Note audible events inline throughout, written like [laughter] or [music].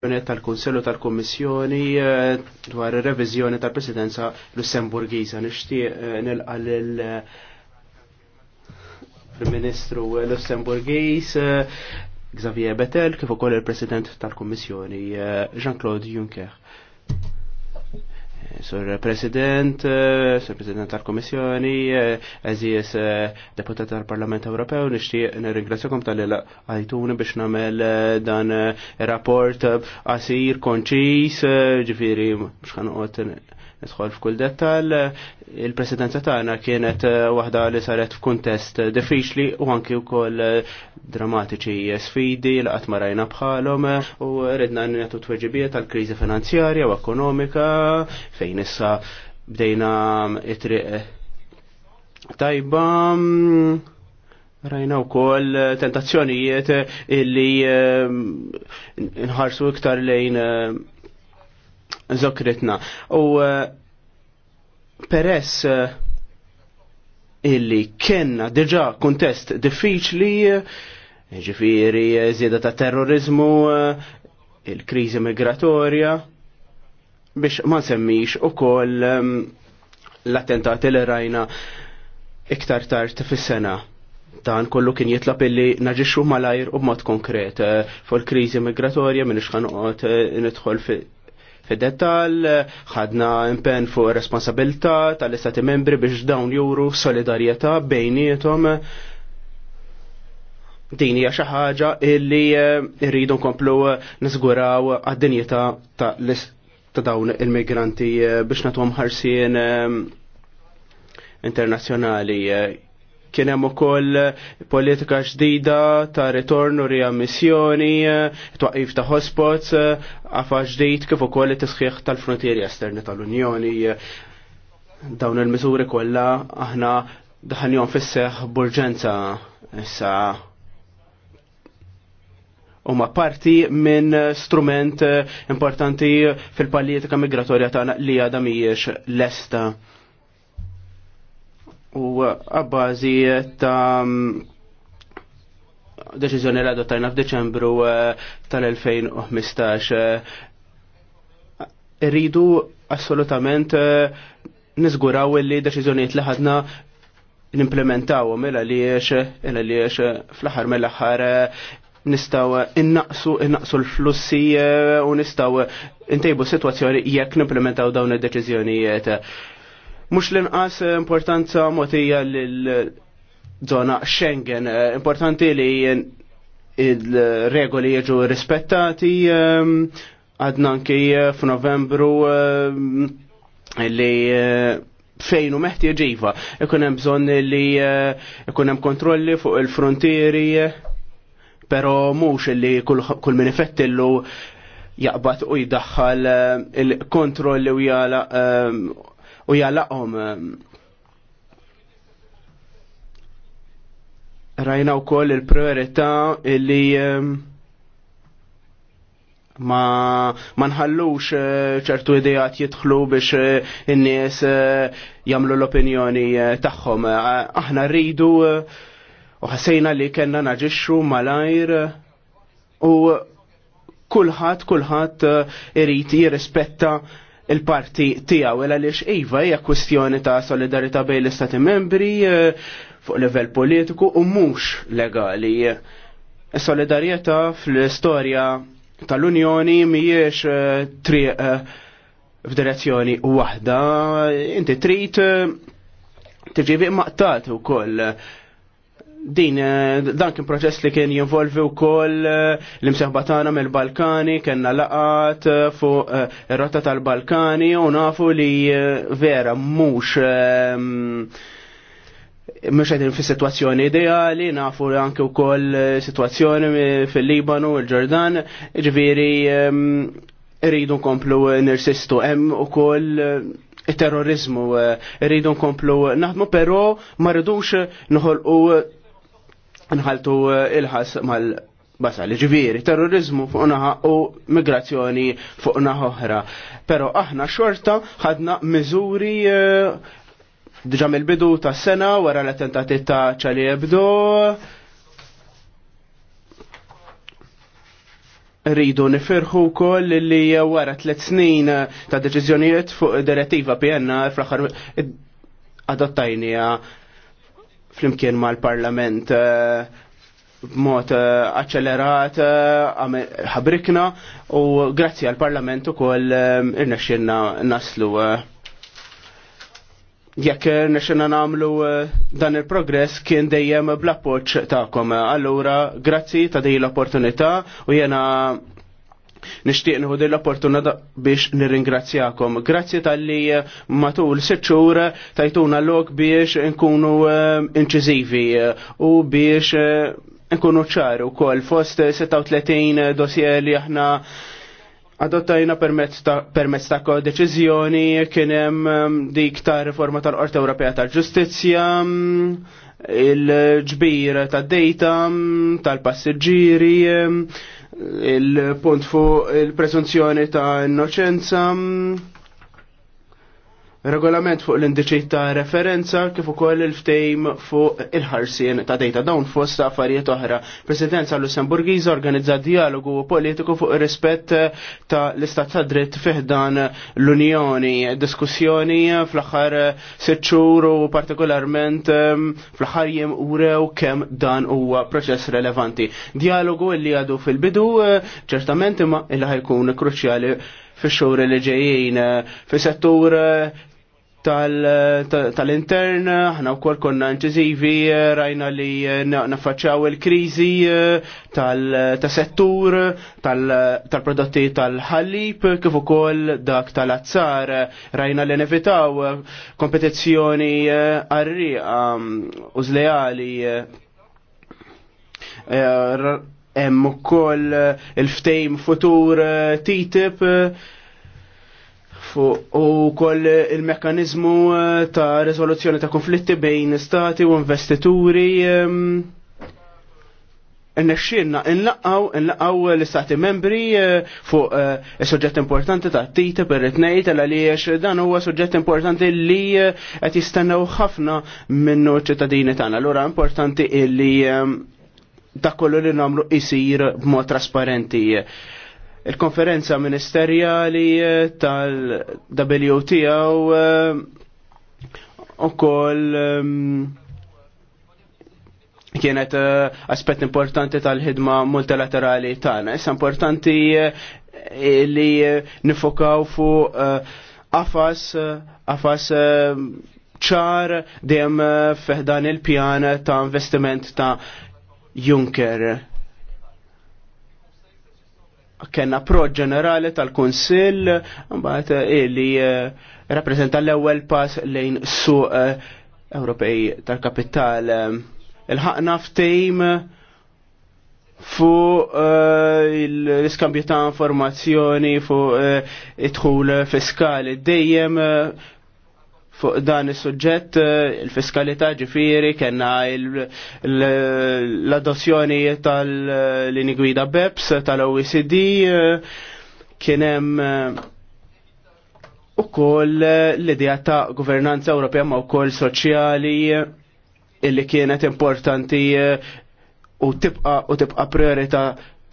tal-Konsellu tal-Kommissjoni eh, dwar ir revizjoni tal-Presidenza Lussemburgiża. Nixtieq eh, nilqa' lil eh, ministru Lussemburgiż Xavier Betel kif ukoll il-President tal-Kummissjoni Jean-Claude Juncker. Sur President, eh, Sur President tal-Komissjoni, Aziz eh, eh, deputat tal-Parlament Ewropew, Nishti nirringrazzjakom tal-għajtuni biex namel dan rapport għasir, konċis, ġifiri, biex nidħol f'kull dettal. Il-presidenza tagħna kienet eh, waħda li saret f'kuntest diffiċli u anki wkoll eh, drammatiċi sfidi li qatt ma rajna bħalhom eh, u ridna nagħtu tweġibiet tal-kriżi finanzjarja u ekonomika fejn issa bdejna it-triq tajba. Mm, rajna wkoll tentazzjonijiet illi nħarsu iktar lejn zokritna. U eh, peress eh, illi kienna deġa kontest diffiċli, eh, ġifiri zjeda ta' terrorizmu, il-krizi migratorja, biex ma semmix u koll l-attentati li rajna iktar tard fis-sena. Dan kollu kien jitlab illi naġixxu malajr u b'mod konkret fuq il-kriżi migratorja minn ixħanqot nidħol fi fid-detal, ħadna impen fuq responsabilità tal-istati membri biex dawn juru solidarjetà bejnietom. Din hija xi ħaġa illi eh, rridu nkomplu eh, nisguraw għad-dinjità ta' dawn il-migranti eh, biex nagħtuhom ħarsien internazzjonali kien hemm ukoll politika ġdida ta' ritorn u riammissjoni, twaqif ta' hotspots, għafa ġdid kif ukoll it-tisħiħ tal-frontieri esterni tal-Unjoni. Dawn il-miżuri kollha aħna daħanjon fis-seħ burġenza issa huma parti minn strument importanti fil-politika migratorja tagħna li għadha mhijiex lesta u għabbażi ta' mm, deċiżjoni li adottajna f'Deċembru eh, tal-2015. Rridu assolutament eh, nizguraw li deċiżjonijiet li ħadna nimplementaw mela li mela li fl-aħħar mill-aħħar eh, nistaw innaqsu innaqsu l-flussi u nistaw intejbu situazzjoni jekk nimplementaw dawn id-deċiżjonijiet. Mux l-inqas eh, importanza motija l-zona Schengen, eh, importanti li il-regoli jieġu rispettati, eh, għadna anki f'Novembru li fejn u meħtieġ iva. Ikun li ikun kontrolli fuq il-frontieri, però mhux li kull min ifettillu jaqbad u jdaħħal il-kontrolli u jala u jalaqhom. Um, rajna wkoll il-priorità li um, ma manħallux nħallux uh, ċertu idejat jidħlu biex uh, in-nies uh, jagħmlu l-opinjoni tagħhom. Aħna rridu u ħassejna li kellna naġixxu malajr u kulħadd kulħadd irid jirrispetta il-parti tiegħu il għaliex iva hija kwistjoni ta' solidarita bejn l-istati membri eh, fuq livell politiku u mhux legali. Is-solidarjetà eh, fl-istorja tal-Unjoni mhijiex eh, triq f'direzzjoni waħda, inti trit tiġi maqtat ukoll din eh, dan kien proċess li kien jinvolvi wkoll eh, l-imseħba tagħna mill-Balkani, kellna laqat eh, fuq ir-rotta tal-Balkani u nafu li vera mhux mhux qegħdin fi sitwazzjoni ideali, nafu anke wkoll sitwazzjoni fil-Libanu, il-Ġordan, ġifieri rridu nkomplu nirsistu hemm ukoll terrorizmu rridu nkomplu naħdmu però ma rridux noħolqu nħaltu eh, il-ħas mal basal, ġiviri, terrorizmu fuq naħa u migrazzjoni fuq naħa oħra. Pero aħna xorta ħadna miżuri eh, diġa mill-bidu ta' sena wara l-attentati ta' ċali ebdo. Rridu nifirħu kol li wara tliet snin ta' deċiżjonijiet fuq direttiva PNR fl-aħħar eh, adottajnija flimkien mal-Parlament eh, b'mod eh, accelerat eh, ħabrikna u grazzi għal-Parlament ukoll irnexxinna naslu jekk irnexinna nagħmlu dan il-progress kien dejjem bl-appoġġ tagħkom. Allura grazzi ta' din l-opportunità u jena Nishtiq nħu l-opportunità biex nirringrazzjakom. Grazzi tal-li eh, matul sitxur eh, tajtuna l-lok biex nkunu eh, inċizivi u biex nkunu ċaru kol fost 36 dossier li aħna adottajna permezz ta', permezz deċizjoni kienem kien hemm dik ta' riforma tal-Qorti Ewropea tal-Ġustizzja, mm, il-ġbir tad-dejta mm, tal-passiġġieri, mm, il-punt fu il-presunzjoni ta' innoċenza regolament fuq l-indiċi ta' referenza kif ukoll il-ftejm fuq il-ħarsien ta' dejta dawn fost affarijiet oħra. Presidenza Lussemburgiża organizza dialogu politiku fuq ir-rispett ta' l-istat ta' dritt fiħdan l-Unjoni. Diskussjoni fl-aħħar sitt xhur u partikolarment fl-aħħar jiem urew kemm dan huwa proċess relevanti. Dialogu li għadu fil-bidu ċertament imma illi ħajkun kruċjali fix-xhur li ġejjin fis-settur tal-intern, ħna u koll konna inċizivi, rajna li eh, naffaċċaw il-krizi eh, tal-settur, tal-prodotti tal-ħallib, kif ukoll dak tal-azzar, rajna li nevitaw kompetizzjoni eh, arri użleali. Hemm ukoll il-ftejm futur TTIP u koll il mekanizmu eh, ta' rezoluzzjoni ta' konflitti bejn stati u investituri Nexxinna inlaqaw inlaqaw l-istati membri eh, fuq eh, suġġett importanti ta' tita per it-tnejt għaliex dan huwa suġġett importanti li qed jistennew ħafna minnu ċittadini tagħna. Allura importanti illi ta' kollu li nagħmlu isir b'mod trasparenti il-konferenza ministerjali eh, tal-WTO eh, u koll ehm, kienet eh, aspet importanti tal-ħidma multilaterali tagħna. Issa importanti li nifokaw fu qafas qafas ċar dem feħdan il-pjan ta' investiment ta' Juncker kena pro ġenerali tal-Konsil, mbaħt eh, li eh, rappreżenta l-ewwel pass lejn su eh, Ewropej tal-kapital. Il-ħaqna ftejm fu l-iskambju ta' informazzjoni fu it dħul fiskali dejjem fuq dan is suġġett eh, il-fiskalità ġifiri kena l-adozzjoni tal-lini gwida BEPS tal-OECD eh, kienem eh, u koll l-idea ta' governanza Ewropea ma' u koll soċjali illi kienet importanti u tibqa u tibqa priorita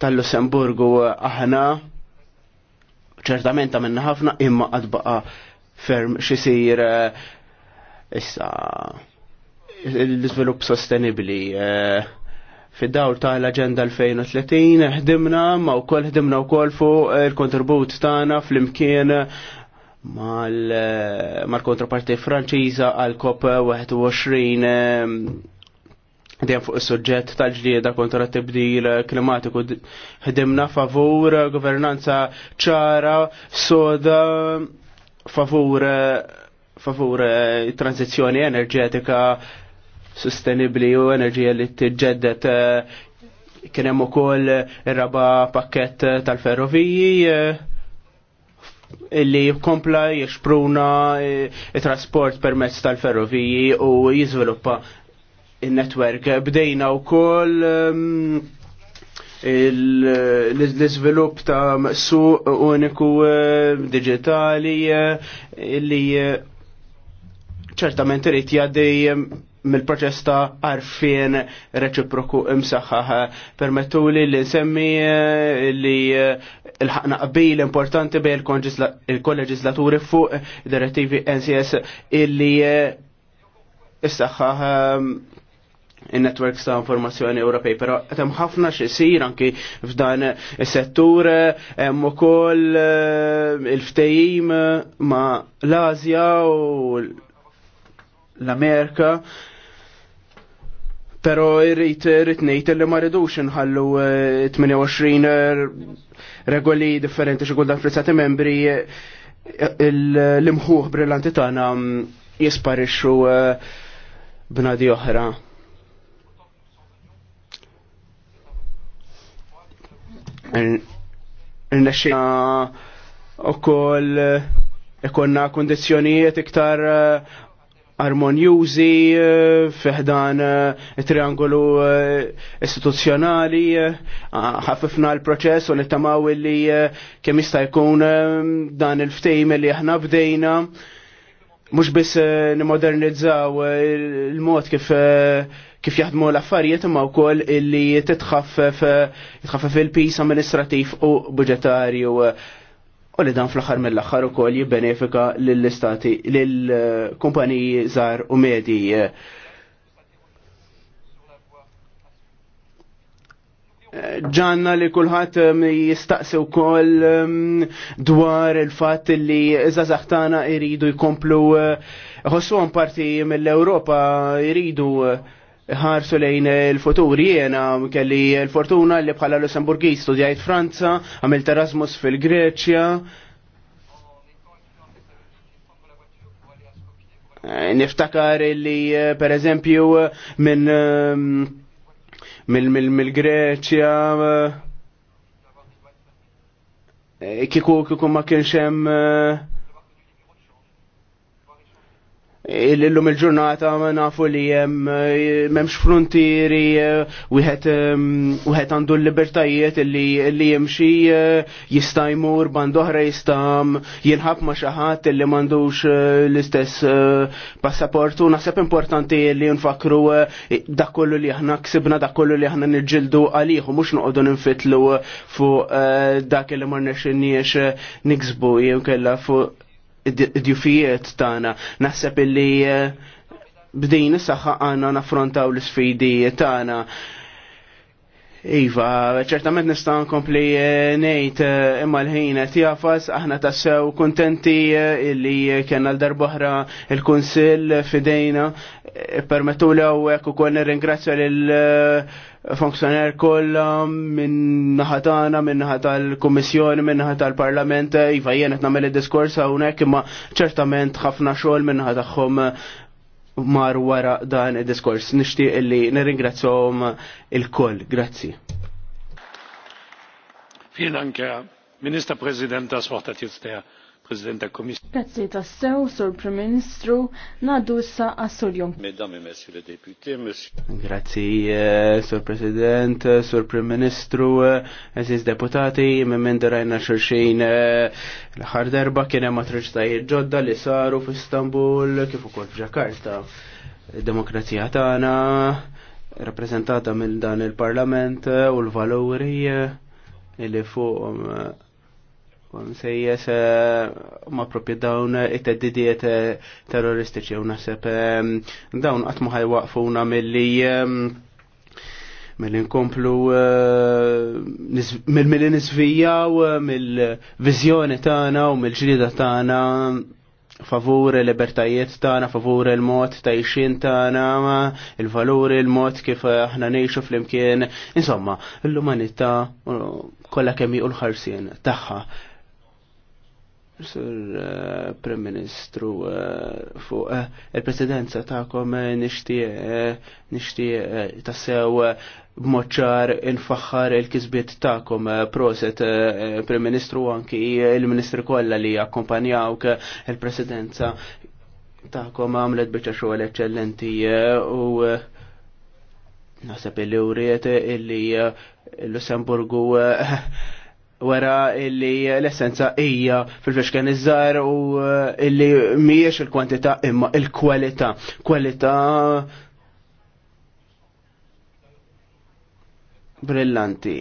tal-Lussemburgu aħna ċertament għamilna ħafna imma għadbaqa ferm xisir eh, issa l-izvilupp sostenibli eh, fid-dawl ta' l-Agenda 2030 ħdimna ma' u koll ħdimna u koll fuq il-kontribut tagħna fl-imkien eh, mal-kontraparti franċiża għal COP 21 dejjem fuq is-suġġett tal-ġlieda kontra t-tibdil klimatiku ħdimna favur governanza ċara soda favur eh, favur eh, tranzizjoni enerġetika sostenibli u enerġija li tiġġeddet eh, kien hemm ukoll ir-raba pakkett tal-ferroviji illi jkompla jixpruna il trasport permezz tal-ferroviji u jiżviluppa il netwerk Bdejna wkoll ehm, l-izvilup ta' su uniku eh, digitali eh, li eh, ċertament irid jaddi mill-proċess ta' arfien reċiproku imsaħħaħ. Permettu li li nsemmi li l-ħakna qbil importanti bej il-kolleġislaturi fuq direttivi NCS illi issaħħaħ in-networks ta' informazzjoni Ewropej, però hemm ħafna xisir anki f'dan is-settur hemm ukoll eh, il-ftehim eh, ma' l azja u l-Amerika. Però irrit irrit ngħid li ma rridux inħallu 28 eh, regoli differenti xi kull dan frizzati membri l-imħuħ brillanti tagħna mm, jisparixxu bnadi oħra. Nnexxina u koll eh, ikonna kondizjonijiet iktar eh, armonjużi eh, fiħdan triangolu istituzzjonali ħafifna l-proċess u nittamaw li kemm jista' jkun dan il-ftejm li aħna bdejna mhux biss nimodernizzaw il-mod kif kif jaħdmu l-affarijiet imma wkoll illi titħaffef il-pis amministrativ u budġetarju u li dan fl-aħħar mill-aħħar ukoll jibbenefika lill-istati lill-kumpaniji żgħar u medji. ġanna li kulħadd mm, jistaqsi wkoll mm, dwar il-fatt li zazaħtana iridu jkomplu eh, ħossuhom parti mill-Ewropa jridu. Eh, ħarsu lejn il-futur jiena kelli l-fortuna li bħala Lussemburgi studjajt Franza, għamilt Erasmus fil-Greċja. Eh, niftakar li eh, per eżempju minn ehm, mill-Greċja eh, kiku kiku ma kienx hemm Illum il-ġurnata ma nafu li memx frontieri, wieħed għandu l-libertajiet li jemxi jista' jmur jistam jilħab ma xi ħadd li m'għandux eh, l-istess eh, passaportu u importanti li nfakru eh, dakollu li aħna ksibna dakollu li aħna nirġildu għalih u mhux noqogħdu ninfitlu fuq dak li ma nexxinniex niksbu jew kella fuq id-djufijiet tagħna. Naħseb illi eh, bdejn is-saħħa għandna naffrontaw l-isfidi tagħna. Iva, ċertament nista' nkompli eh, ngħid eh, imma l-ħin qed jafas aħna tassew kuntenti illi kellna l-darbohra il-Kunsill fidejna permettu l hawnhekk ukoll nirringrazzja lil funzjoner kollha minn naħatana, minn naħa tal-Kummissjoni, minn naħa tal-Parlament, iva jien qed nagħmel id-diskors hawnhekk imma ċertament ħafna xogħol minn naħa tagħhom mar wara dan id-diskors. Nixtieq illi nirringrazzjahom il-koll. Grazzi. Vielen Dank, Herr Ministerpräsident. Das Wort hat jetzt der President ta' Komissjoni. Grazzi ta' sew, Sur Prim Ministru, nadu sa' Assur Jong. Mesdames et Messieurs Grazzi, eh, Sur President, eh, Sur Prim Ministru, eh, Aziz Deputati, memmen rajna xurxin l-ħar darba kien hemm atroċitajiet ġodda li saru f'Istanbul kif ukoll f'Ġakarta. Demokrazija tagħna rappresentata minn dan il-Parlament u l-valuri li fuqhom sejjes eh, ma propi dawn it-teddidiet eh, terroristiċi u naħseb eh, dawn qatt ma ħajwaqfuna milli mill nkomplu mill-milli nisvijaw mill-vizjoni tagħna u mill-ġrida tagħna favur il-libertajiet tagħna, favur il-mod tajxin t'ana, il-valuri, il-mod kif aħna ngħixu flimkien, insomma, l umanita kollha kemm u l-ħarsien tagħha. Sur eh, Prim Ministru eh, fuq eh, il-presidenza ta'kom nixtieq nixtieq tassew b'moċċar infaħħar il-kisbiet ta'kom proset Prim Ministru anki il-Ministri kollha li akkompanjawk il-presidenza ta'kom għamlet biċċa xogħol eċċellenti u il illi uriet illi Lussemburgu wara illi l-essenza hija fil-fexken iż-żar u eh, illi mhijiex il-kwantità imma il-kwalità. Kwalità brillanti.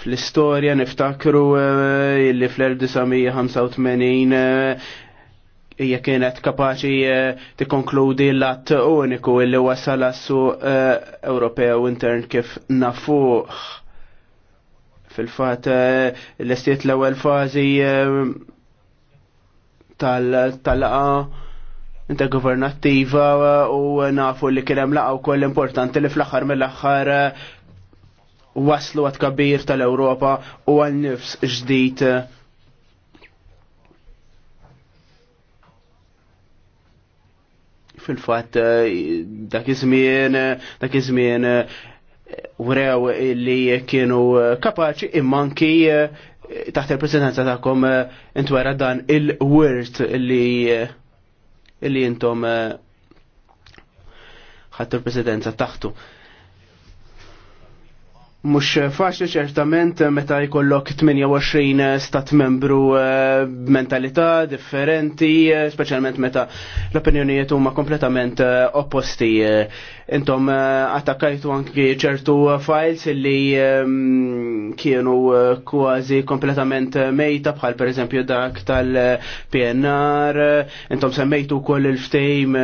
Fl-istorja niftakru eh, illi fl-1985 eh, hija kienet kapaċi tikkonkludi l-att uniku illi wasal għas Ewropew intern kif nafuħ fil-fat eh, l-estiet l-ewel fazi eh, tal-laqa intergovernattiva eh, u nafu li kienem laqa u koll importanti li fl-axar mill-axar waslu għat kabir tal-Europa u għal nifs ġdijt fil-fat dak iż-żmien dak iż-żmien wrew li kienu eh, kapaċi immanki eh, taħt il-presidenza tagħkom eh, intwera dan il-wirt li li intom ħattu l-presidenza taħtu. Mux faċli ċertament meta jkollok 28 stat membru eh, mentalità differenti, eh, specialment meta l-opinjonijiet huma kompletament eh, opposti. Intom attakajtu anki ċertu files li ehm, kienu kważi kompletament mejta bħal per eżempju dak tal-PNR, intom semmejtu koll il-ftejm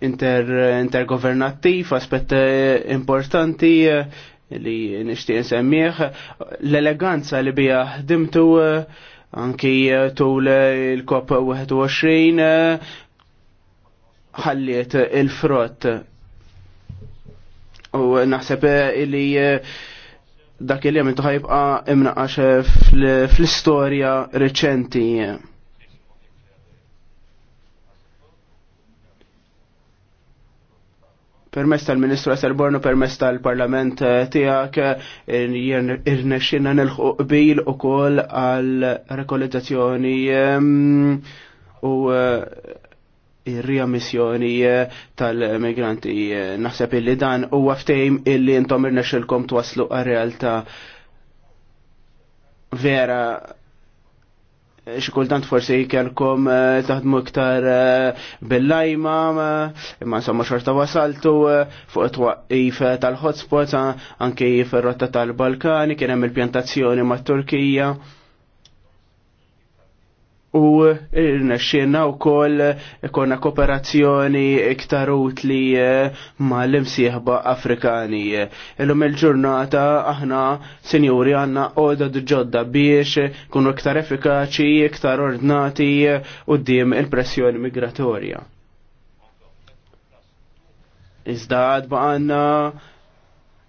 intergovernattiv, intergovernativ, aspett eh, importanti eh, li nishtiq nsemmieħ, l-eleganza li bija ħdimtu eh, anki tul il-COP 21 ħalliet il-frott. U naħseb li dak il-jem ħajbqa imnaqax fl-istoria reċenti. permess tal-Ministru Aserbornu, permess tal-Parlament eh, tijak, eh, irnexxinna nilħu bil ehm, u kol għal-rekolizzazzjoni u ir-riammissjoni eh, tal-migranti. Naħseb illi dan u għaftejm illi intom irnexxilkom twaslu għal-realta vera xikultant forsi kelkom eh, taħdmu iktar eh, bil-lajma, eh, imma insomma xorta wasaltu fuq it tal-hotspots, anke fil-rotta tal-Balkani, kien hemm il-pjantazzjoni mat-Turkija u u wkoll konna kooperazzjoni iktar utli eh, mal imsieħba Afrikani. Illum il-ġurnata aħna sinjuri għandna għoda ġodda biex kunu iktar effikaċi, iktar ordnati u il-pressjoni migratorja. Iżda għadba għanna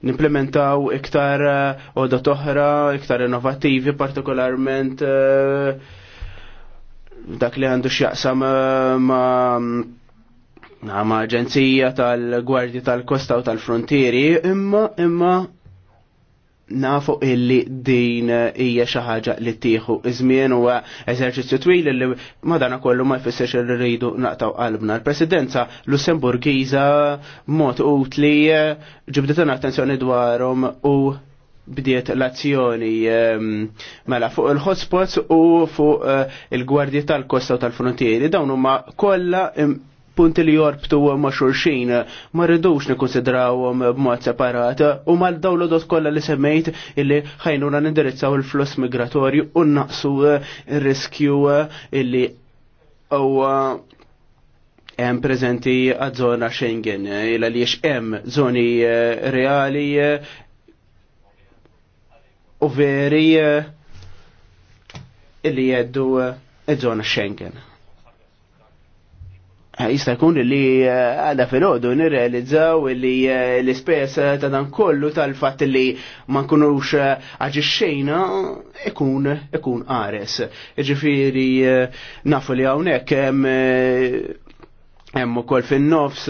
nimplementaw iktar eh, oda toħra, iktar innovativi partikolarment uh, dak li għandu x'jaqsam eh, ma ma aġenzija tal-Gwardji tal-Kosta u tal-Frontieri, imma imma nafu illi din hija xi ħaġa li tieħu iż-żmien huwa eżerċizzju twil li madana kollu ma jfissirx li rridu naqtaw qalbna. L-Presidenza Lussemburgiża mod utli ġibdet attenzjoni dwarhom u bdiet l-azzjoni ehm, mela fuq il-hotspots u fuq eh, il-gwardji tal-kosta u tal-frontieri. Dawn huma kollha ehm, punti li jorbtu ma' xurxin ma' rridux nikkonsidrawhom b'mod separat u mal dot kollha li semmejt illi ħajnuna nindirizzaw il-fluss migratorju u naqsu eh, il riskju eh, illi u hemm prezenti għaż-żona Schengen li jiex hemm żoni reali u veri eh, illi jeddu eh, id żona Schengen. Eh, jista' jkun li għada fil-ħodu nirrealizzaw li l-ispess ta' dan kollu tal-fatt li ma nkunux aġixxejna ikun ikun Ares. Ġifieri nafu li hawnhekk hemm hemm ukoll fin-nofs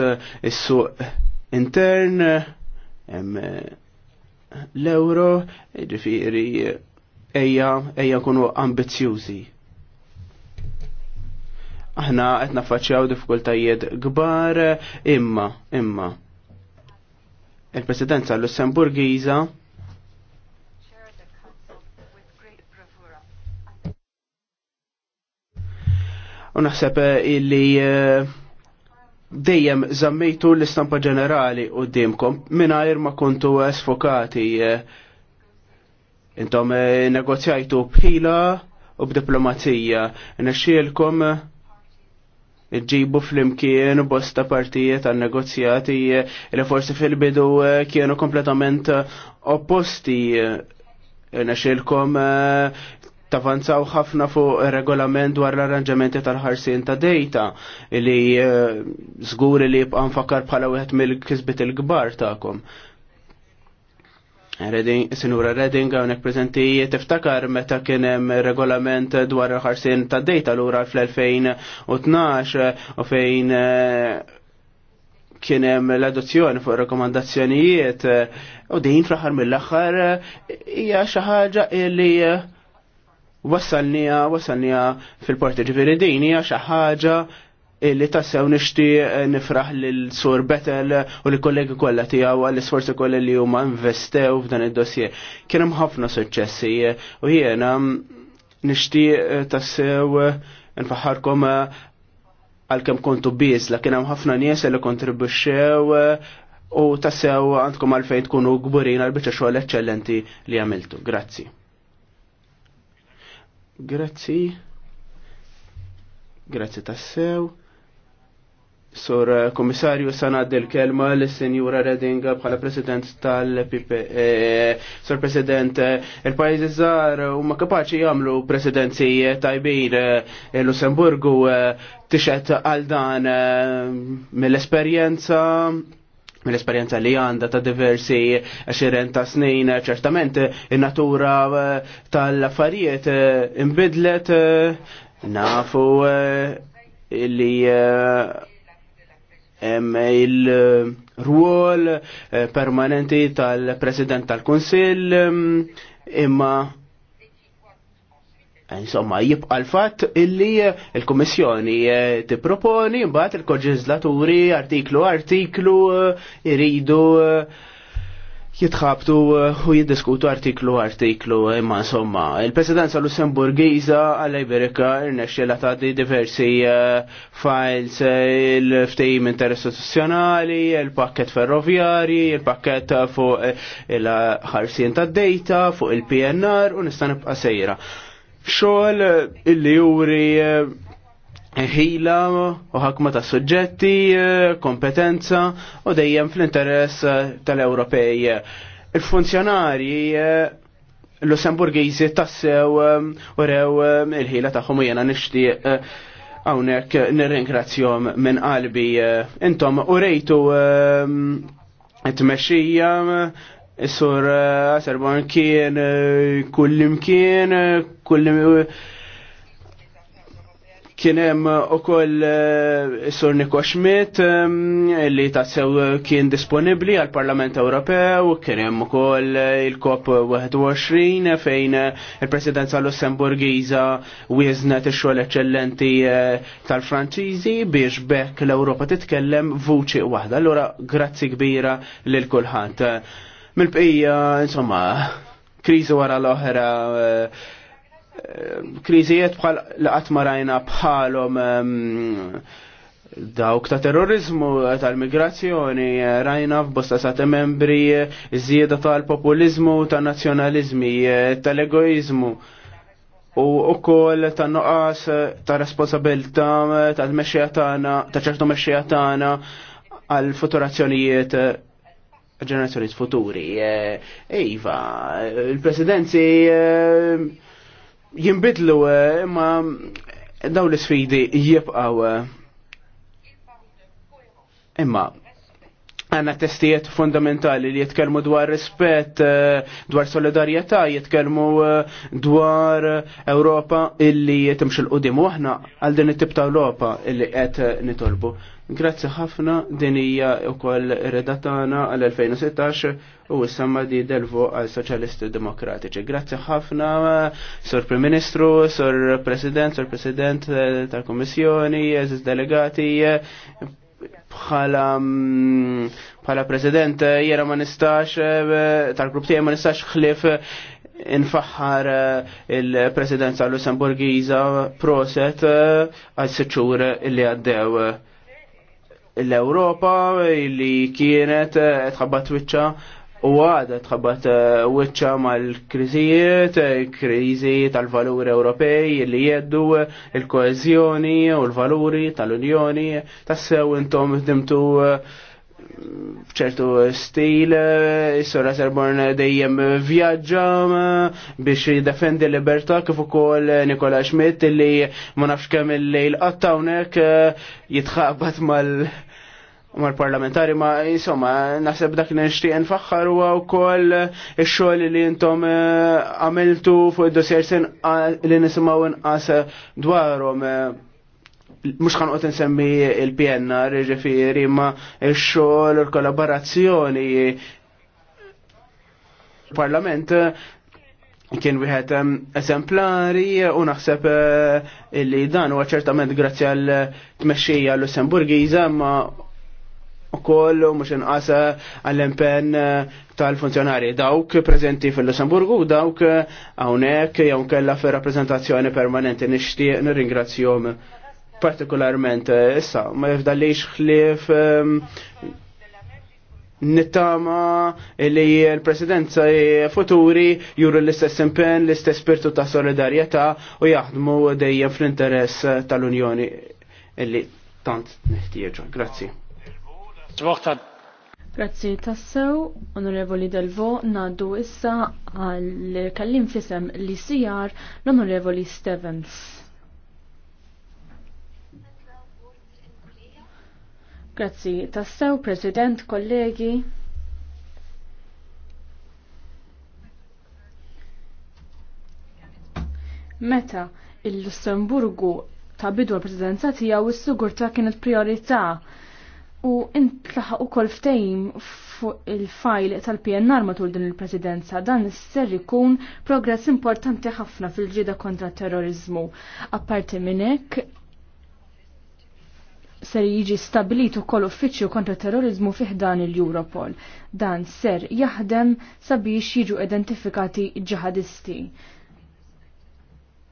is-suq intern hemm l-euro, ġifiri, eja, eja kunu ambizjużi. Aħna qed naffaċċjaw diffikultajiet kbar, imma, imma. Il-Presidenza Lussemburgiża U naħseb illi eh, dejjem zammejtu l-istampa ġenerali u dimkom minna ma kontu sfokati eh, intom eh, negozjajtu bħila u b'diplomazija naxielkom eh, ġibu fl-imkien bosta partijiet għan negozjati li forsi fil-bidu kienu kompletament opposti naxilkom tavanzaw ħafna fuq regolament dwar l-arranġamenti tal-ħarsien ta' data li żgur eh, li jibqa' nfakkar bħala wieħed mill-kisbit il-kbar tagħkom. sinura Reding hawnhekk prezenti tiftakar meta kien hemm regolament dwar il-ħarsien ta' data ura fl-2012 u fejn eh, kien hemm l-adozzjoni fuq rekomandazzjonijiet eh, u din fl-aħħar mill-aħħar hija xi ħaġa li wassalnija, wassalnija fil-porti ġifiri dini għaxa ħaġa illi tassew nishtiq eh, nifraħ l-sur Betel u l-kollegi kollha tiegħu għall sforzi kolla li huma investew f'dan id-dossier. Kien hemm ħafna suċċessi u jiena nixtieq eh, tassew għal eh, għalkemm kontu biss la kien hemm ħafna nies li kontribwixxew u tassew għandkom għal-fejn tkunu gburin għal bicċa xogħol eċċellenti li għamiltu. Grazzi. Grazzi. Grazzi tassew. Sur eh, komissarju sanad il-kelma l-senjura Redinga bħala president tal-PPE. Sur president, eh, il-pajzi zar u ma kapaċi jamlu presidenzi tajbin eh, il-Lussemburgu tixet għal dan mill-esperienza mill-esperjenza li għanda ta' diversi xirent ta' snin ċertament in-natura eh, tal-affarijiet eh, imbidlet eh, nafu li il-ruol permanenti tal-President tal-Konsil mm, imma Insomma, jibqa l-fatt illi eh, il kummissjoni eh, tipproponi mbagħad il-koġislaturi artiklu artiklu eh, iridu jitħabtu u jiddiskutu artiklu artiklu imma insomma il-presidenza Lussemburgiża għall-Iberika irnexxela tagħti diversi files il-ftehim interistituzzjonali, il-pakket ferroviari, il-pakket fuq il-ħarsien tad-dejta, fuq il-PNR u nista' nibqa' sejra xogħol eh, illi juri eh, ħila u ħakma ta' suġġetti, eh, kompetenza u dejjem fl-interess tal-Ewropej. Il-funzjonarji l-Lussemburgizi tassew u rew il-ħila tagħhom u jena nixtieq hawnhekk ringrazzjom minn qalbi. Intom u rejtu t-tmexxija Is-sur eh, Aserban kien kullimkien, eh, kullim eh, kien hemm ukoll is-sur Niko Schmidt li tassew kien disponibbli għall Parlament Ewropew, kien hemm ukoll il-COP 21 fejn il-Presidenza Lussemburgiża wieżnet ix-xogħol eċċellenti tal-Franċiżi biex bekk l-Ewropa titkellem vuċi waħda. Allura grazzi kbira lil kulħadd mill-bqija, insomma, kriżi wara l-oħra, eh, kriżijiet bħal laqat marajna bħalhom dawk ta' terrorizmu, tal-migrazzjoni, rajna f'bosta sa' membri, żieda tal-populizmu, ta' nazzjonalizmi, tal-egoizmu u wkoll ta' nuqqas ta' responsabilta tal-mexxija tagħna, ta' ċertu mexxija tagħna għal futurazzjonijiet ġenerazzjoni futuri. Eh, iva, il-presidenzi eh, jimbidlu eh, imma daw l-sfidi jibqaw. Imma għanna testijiet fundamentali li jitkelmu dwar rispet, eh, dwar solidarieta, jitkelmu eh, dwar eh, Europa illi timx l qudim Uħna għal din it-tip ta' Europa illi għet nitolbu. Grazzi ħafna din hija wkoll redatana għal 2016 u s-samma di delvo għal Soċjalisti Demokratiċi. Grazzi ħafna, Sur Prim Ministru, Sur President, Sur President tal kummissjoni Eżis Delegati, bħala mm, bħala president eh, jera ma nistax eh, tal-grupp tiegħi ma nistax ħlif eh, infaħħar il-presidenza Lussemburgiża proset għal siċur li għaddew l-Europa li kienet tħabba twiċċa U għada tħabbat eh, wicċa mal-kriżijiet, eh, kriżi tal-valuri Ewropej li jeddu eh, il-koezjoni u l-valuri tal-Unjoni, tassew intom dimtu ċertu stil, s-sora Serborn dejjem vjaġġa biex jiddefendi l-libertà kif ukoll Nikola Schmidt li ma nafx kemm il-lejl qattawnek jitħabbat mal- mal-parlamentari ma insomma naħseb dak li nixtieq nfaħħar huwa wkoll ix-xogħol li intom eh, għamiltu fuq id-dossier li nisimgħu inqas dwarhom eh, mux ħanqot nsemmi il-PNR, ġifiri, ma il-xol, il-kollaborazzjoni. Il-parlament eh, kien wieħed eżemplari u naħseb illi dan huwa ċertament grazzi għal tmexxija Lussemburgiża ma u kollu u mux inqasa għall-impen eh, tal-funzjonari dawk prezenti fil-Lussemburgu u dawk għawnek eh, jew kella fil rappresentazzjoni permanenti nishtiq nirringrazzjom partikolarment eh, issa ma jifdallix xlif nittama li l-presidenza futuri juru l-istess impen, l-istess spirtu ta' solidarieta u jaħdmu dejjem fl-interess tal-Unjoni illi tant neħtieġu. Grazzi. Grazzi tassew, onorevoli Delvo, naddu issa għal kallim fisem li sijar l-onorevoli Stevens. Grazzi tassew, President, kollegi. Meta il-Lussemburgu ta' bidu l-Presidenza tiegħu is ta' kienet priorità' U intlaħa u kol ftejm fuq il-fajl tal-PNR matul din il-presidenza dan ser ikun progress importanti ħafna fil-ġida kontra terrorizmu. Apparti minnek, ser jiġi stabilit u kol uffiċju kontra terrorizmu fiħdan il-Europol. Dan ser jaħdem sabiex jiġu identifikati ġihadisti.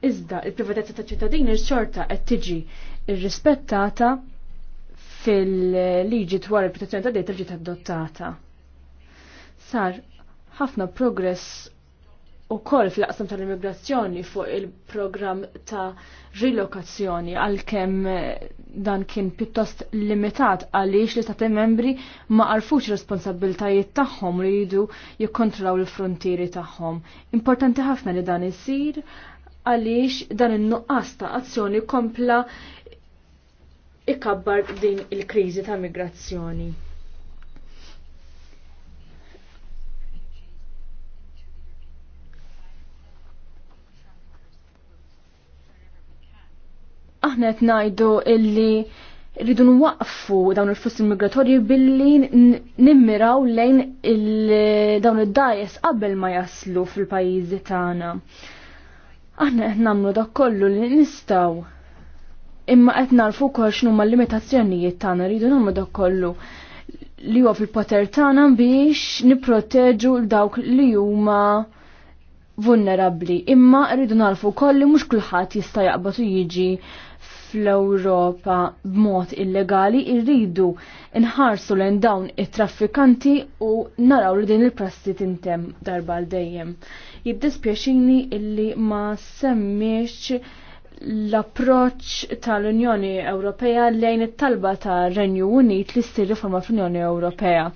Iżda, il-privatezza ta' ċittadini xorta qed tiġi irrispettata rispettata fil-liġi dwar il-protezzjoni ta' data ġiet adottata. Sar ħafna progress u koll fil-qasam tal-immigrazzjoni fuq il-program ta' rilokazzjoni għal-kem eh, dan kien pjuttost limitat għaliex li ta' membri ma għarfux responsabiltajiet tagħhom li jridu jikkontrollaw il-frontieri tagħhom. Importanti ħafna li dan isir għaliex dan in-nuqqas ta' azzjoni kompla ikkabbar din il-kriżi ta' migrazzjoni. Aħna qed ngħidu illi rridu nwaqfu dawn il-flussi migratorji billi nimmiraw lejn dawn id-dajes qabel ma jaslu fil-pajjiżi tagħna. Aħna qed nagħmlu dak kollu li nistgħu imma qed narfu wkoll x'nu l-limitazzjonijiet tagħna rridu nagħmlu dak kollu li huwa fil-poter tagħna biex nipproteġu dawk li huma vulnerabbli. Imma rridu narfu wkoll li mhux kulħadd jista' jaqbad u jiġi fl-Ewropa b'mod illegali irridu nħarsu lejn dawn it-traffikanti u naraw li din il-prassi tintem darba l dejjem. Jiddispjaċini illi ma semmiex l-approċ tal-Unjoni Ewropea lejn it-talba ta' Renju Unit li ssir riforma fl-Unjoni Ewropea.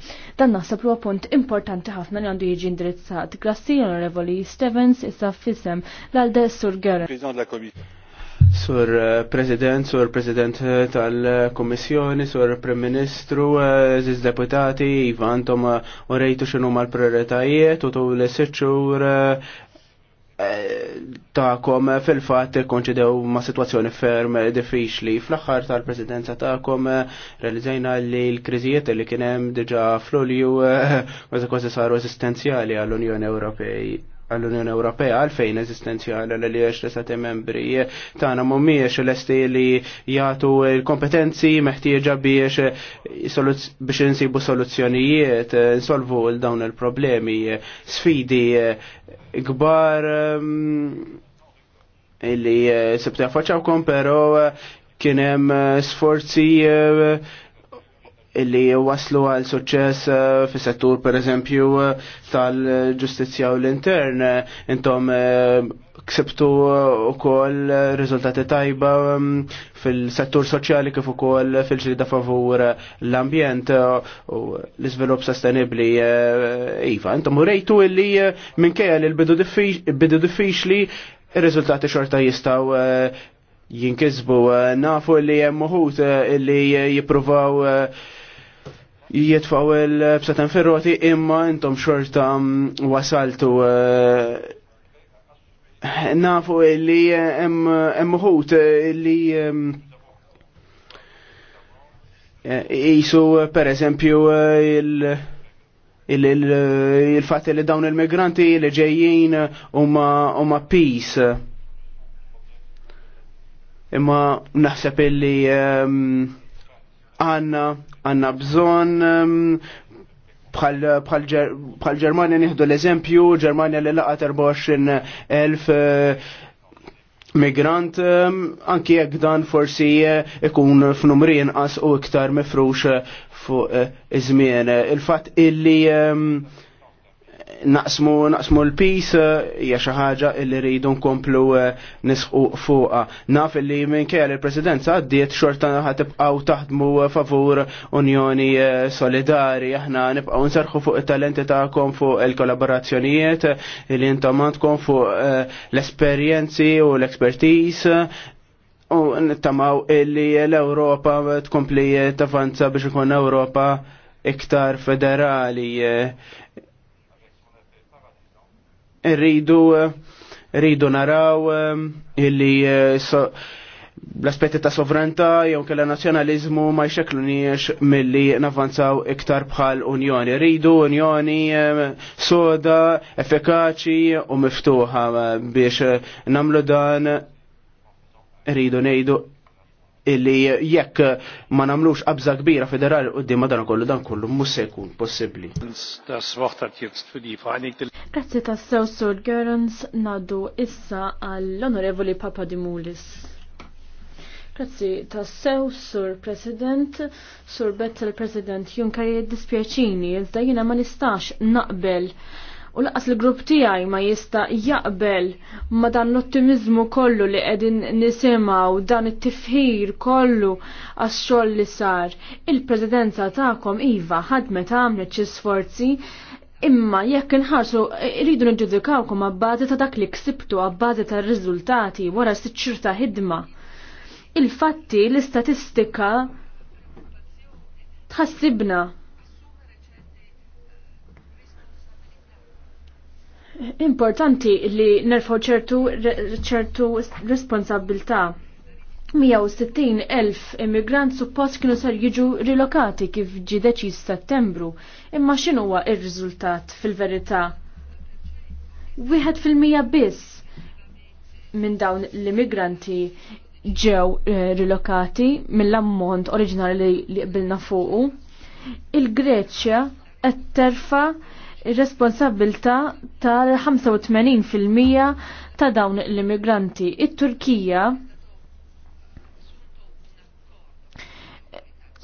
Dan naħseb huwa punt importanti ħafna li għandu jiġi indirizzat. Grassi Onorevoli Stevens issa fisem l-Alde Sur Gerra. Sur eh, President, Sur President eh, tal-Komissjoni, Sur Prim Ministru, eh, Ziz Deputati, Ivan Toma, u rejtu xinu mal prioritajiet u tu l-sitxur ta'kom fil-fat konċidew ma' situazzjoni ferm diffiċli. Fl-axħar tal-presidenza ta'kom realizzajna li l-kriżijiet li kienem diġa fl-olju [laughs] kważi saru esistenzjali għall-Unjoni Ewropej għall-Unjoni Ewropea għalfejn eżistenzjali l li li sa' membri tagħna mhumiex lesti li jagħtu l-kompetenzi meħtieġa biex biex insibu soluzzjonijiet insolvu l dawn il-problemi sfidi kbar mm, illi eh, sebta faċawkom pero eh, kien hemm eh, sforzi illi waslu għal suċċess eh, fis settur per eżempju eh, tal-ġustizja u l-intern eh, intom ksibtu u koll rizultati tajba mm, fil-settur soċjali kif ukoll fil-ġlida favur l-ambjent u l-iżvilupp sostenibli iva. Intom u rejtu illi kaja li l-bidu diffiċli ir-riżultati xorta jistaw jinkisbu nafu li hemm uħut illi jippruvaw uh, jitfaw il-bsatan ferroti imma intom xorta mm, wasaltu eh, nafu li emmuħut illi eh, eh, jisu per eżempju il-fat li dawn il-migranti li ġejjin u ma pis imma naħseb illi għanna um, Għanna bżon um, bħal Ġermanja nieħdu l-eżempju, Ġermanja li laqat 24,000 uh, migrant, um, anki jekk dan forsi uh, ikun f'numri inqas u iktar mifrux uh, fuq iż-żmien. Il-fatt illi um, naqsmu naqsmu l-pis eh, hija xi ħaġa li rridu nkomplu eh, nisqu fuqha. Naf li minkejja li l-Presidenza għaddiet xorta tibqgħu taħdmu eh, favur Unjoni Solidari. Aħna nibqgħu nserħu fuq it-talenti tagħkom fuq il-kollaborazzjonijiet li intom għandkom fuq l-esperjenzi u l-expertise u nittamaw illi l-Ewropa tkompli tavanza biex ikun Ewropa iktar federali rridu rridu naraw ehm, illi eh, l-aspetti ta' sovranta jew kella nazzjonaliżmu ma jxekluniex milli navanzaw iktar bħal Unjoni. Rridu Unjoni ehm, soda, effikaċi u miftuħa biex eh, namlu dan rridu nejdu illi jekk ma namlux qabża kbira federali qudiem dan kollu dan kollu mhux se jkun possibbli. Grazzi tassew Sur Görans nadu issa għall-Onorevoli Papa Papadimulis. Grazzi tassew Sur President, Sur Bettel President Juncker jiddispjaċini, iżda jiena ma nistax naqbel u laqas l-grupp tiegħi ma jista' jaqbel ma dan l-ottimizmu kollu li qegħdin nisimgħu dan it-tifħir kollu għax-xogħol li sar. Il-Presidenza tagħkom iva ħadmet għamlet xi sforzi imma jekk inħarsu irridu niġġudikawkom għabbażi ta' dak li ksibtu għabbażi ta' riżultati wara sitt xhur ta' ħidma. Il-fatti l-istatistika tħassibna Importanti li nerfaw ċertu, ċertu responsabilta' 160 elf immigrant suppost kienu ser jiġu rilokati kif ġi deċis settembru, imma xinuwa ir-riżultat fil-verità? Wieħed fil-mija biss minn dawn l-immigranti ġew eh, rilokati mill-ammont oriġinali li qbilna fuqu. Il-Greċja qed terfa' ir-responsabilta tal-85% ta' dawn l-immigranti. It-Turkija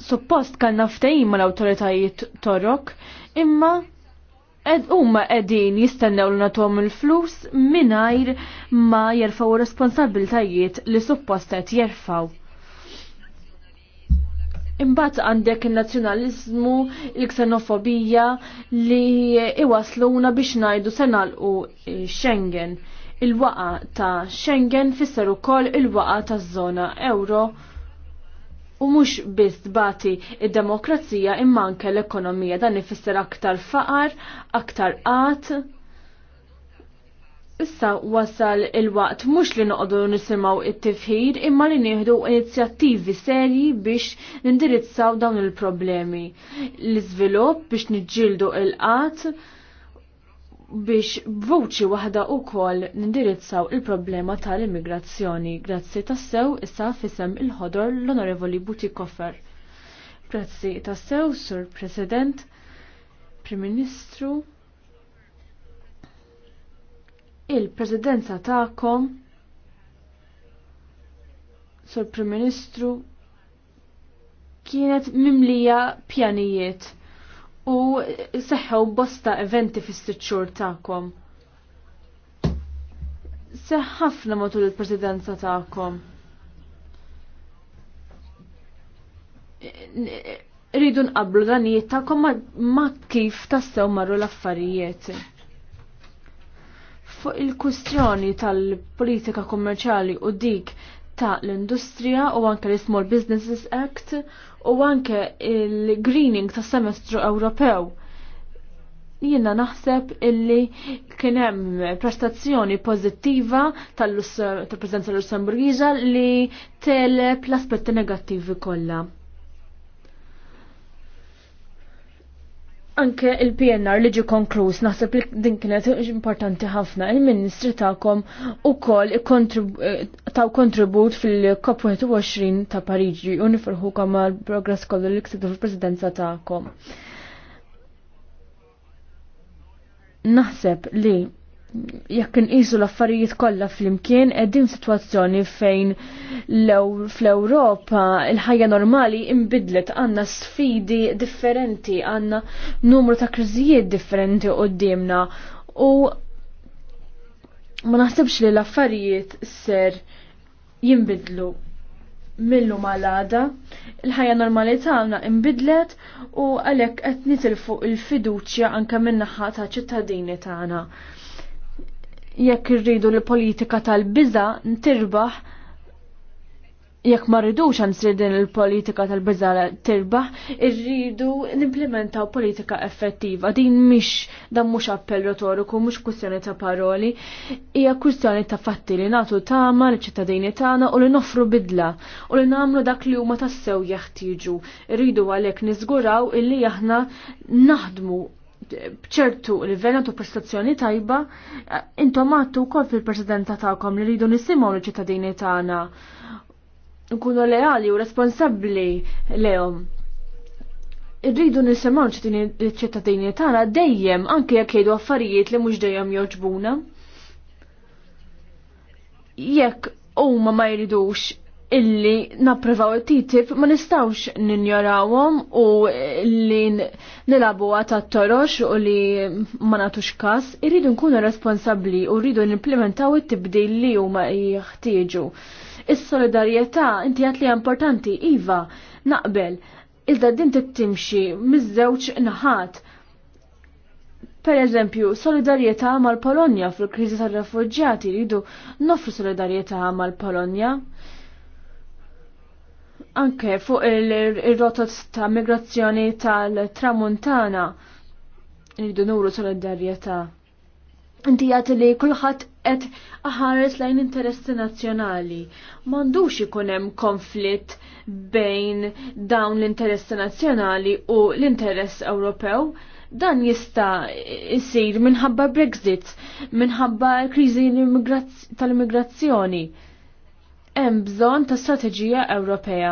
suppost kellna ftehim mal-awtoritajiet Torok, imma ed umma edin jistennew l natom il-flus minajr ma jerfaw responsabiltajiet li suppostet jerfaw. Imbagħad għandek in-nazzjonaliżmu, il-ksenofobija li iwasluna biex ngħidu se nagħlqu Schengen. Il-waqa ta' Schengen fisser ukoll il-waqa taż-żona euro u mhux biss bati id-demokrazija imma anke l-ekonomija dan ifisser aktar faqar, aktar għat. Issa wasal il-waqt mhux li noqogħdu nisimgħu it-tifħir imma li nieħdu inizjattivi serji biex nindirizzaw dawn il-problemi. L-iżvilupp biex niġġieldu il qat biex b'vuċi waħda wkoll nindirizzaw il-problema tal-immigrazzjoni. Grazzi tassew issa fisem il-ħodor l-Onorevoli Koffer. Grazzi tassew, Sur President, Prim Ministru il-Presidenza tagħkom Sur Prim Ministru kienet mimlija pjanijiet u seħħu bosta eventi fis-sitxur tagħkom. Seħħafna ħafna matul il-Presidenza tagħkom. Ridun qablu danijiet tagħkom ma kif tassew marru l-affarijiet. Fuq il-kustjoni tal-politika kommerċjali u dik ta' l-industrija u anke l-Small Businesses Act u anke il-greening ta' semestru Ewropew. Jiena naħseb illi kien hemm prestazzjoni pożittiva tal-preżenza tal lussemburgiża li teleb l-aspetti negattivi kollha. Anke il-PNR li ġi konkluż naħseb li din kienet importanti ħafna. Il-Ministri tagħkom ukoll eh, ta' kontribut fil-COP21 ta' Pariġi u nifirħukom mal progress kollu li ksibtu fil-Presidenza tagħkom. Naħseb li jekk inqisu l-affarijiet kollha flimkien qegħdin sitwazzjoni fejn fl-Ewropa il-ħajja normali imbidlet għandna sfidi differenti, għandna numru ta' kriżijiet differenti qudiemna u ma naħsibx li l-affarijiet ser jinbidlu millu malada, il-ħajja normali tagħna imbidlet u għalhekk qed nitilfu il-fiduċja anke min-naħa ta' ċittadini tagħna jekk irridu li politika tal-biża tirbaħ jekk ma rridux ansir din il-politika tal-biża tirbaħ, irridu nimplementaw politika effettiva. Din mhix dan mhux appell retoriku, mhux kwistjoni ta' paroli, hija kwistjoni ta' fatti li nagħtu tama liċ ċittadini tagħna u li nofru bidla u li nagħmlu dak li huma tassew jeħtieġu. Irridu għalhekk niżguraw illi aħna naħdmu bċertu livell għandu prestazzjoni tajba, eh, intom għattu kol fil-presidenta ta'kom li rridu nisimaw li ċittadini ta'na. Nkunu leali u responsabli lehom. Irridu nisimaw li ċittadini ta'na dejjem anke jekk jgħidu affarijiet li mhux dejjem joġbuna. Jekk huma ma jridux illi napprivaw it tip ma nistawx ninjorawhom u li nilabu għata torox u li ma natux kas, irridu nkunu responsabli u rridu nimplementaw it-tibdil li huma jħtieġu. Is-solidarjetà inti għat li importanti, iva, naqbel, iżda din tittimxi miż-żewġ naħat. Per eżempju, solidarjetà mal-Polonja fil-kriżi tar-refuġġjati rridu nofru solidarjetà mal-Polonja anke fuq il-rotot ta' migrazzjoni tal-Tramuntana rridu nuru solidarjetà. Inti għat li kulħadd qed aħares lejn interessi nazzjonali. M'għandux ikun hemm konflitt bejn dawn l-interessi nazzjonali u l-interess Ewropew. Dan jista' jsir minħabba Brexit, minħabba kriżi tal-immigrazzjoni. tal immigrazzjoni hemm bżonn ta' strateġija Ewropea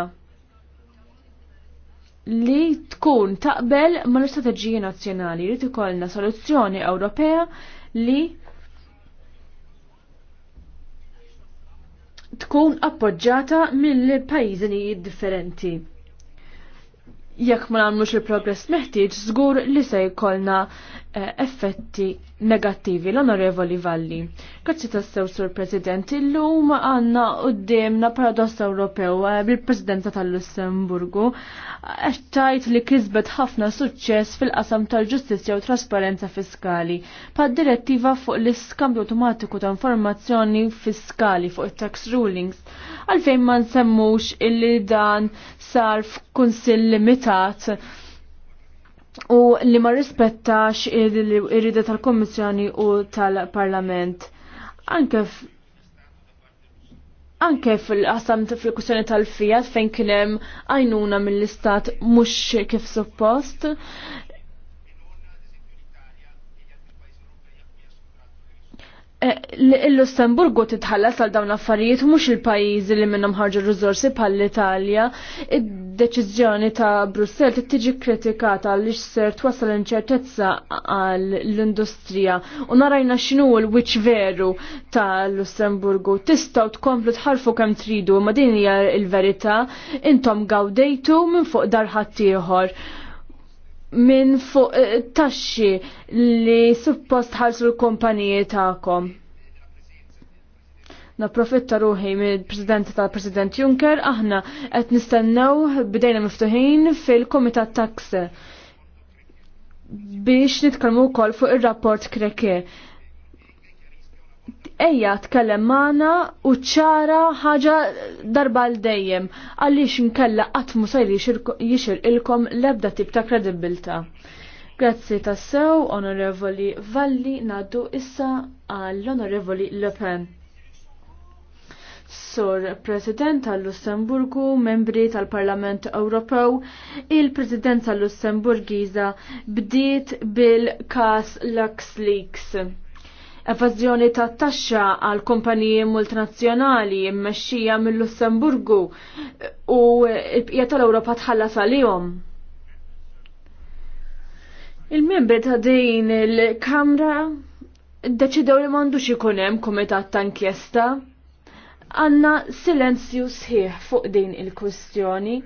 li tkun taqbel ma' l-istrateġiji nazzjonali li tikollna soluzzjoni Ewropea li tkun appoġġata mill-pajjiżi differenti. Jekk ma nagħmlux il-progress meħtieġ żgur li se jkollna eh, effetti negattivi l-onorevoli Valli. Grazzi tassew sur President, illum għanna d-demna paradoss Ewropew eh, bil-Presidenza tal-Lussemburgu għettajt li kisbet ħafna suċċess fil-qasam tal-ġustizja u trasparenza fiskali pa' direttiva fuq l-iskambju automatiku ta' informazzjoni fiskali fuq il-tax rulings għalfejn ma' nsemmux illi dan sar f'kunsill limitat u li ma rispettax ir-rida tal-Kommissjoni u tal-Parlament. Anke anke fil-qasam fil-kussjoni tal-fijat fejn kien hemm għajnuna mill-istat mhux kif suppost, Il-Lussemburgu eh, titħallas għal dawn l-affarijiet mhux il-pajjiżi li minnhom ħarġu r-riżorsi bħall-Italja. Id-deċiżjoni ta' Brussell tittiġi kritikata għaliex ser twasal inċertezza għal l-industrija u narajna x'inhu l-wiċ veru ta' Lussemburgu. Tistgħu tkomplu tħarfu kemm tridu ma' din hija l-verità intom gawdejtu minn fuq darħat ieħor minn fuq eh, taxxi li suppost ħalsu l-kumpaniji tagħkom. Naprofitta ruħi mill-President ta' President Juncker, aħna qed nistennew bidejna miftuħin fil-Komitat Taxe biex nitkellmu wkoll fuq ir-rapport Kreke ejja tkellem mana u ċara ħaġa darba l dejjem għaliex nkella qatt sajri jixir ilkom lebda tip ta' kredibilta. Grazzi tassew, onorevoli Valli, naddu issa għall-onorevoli Le Pen. Sur President tal-Lussemburgu, membri tal-Parlament Ewropew, il-Presidenza Lussemburgiza bdiet bil-kas LuxLeaks evażjoni ta' taxxa għal kumpaniji multinazzjonali mmexxija mill-Lussemburgu u l-bqija tal-Ewropa tħallas għalihom. Il-membri ta' din il-Kamra deċidew li m'għandux ikun hemm kumitat ta' inkjesta. Għanna silenzju sħiħ fuq din il-kwistjoni.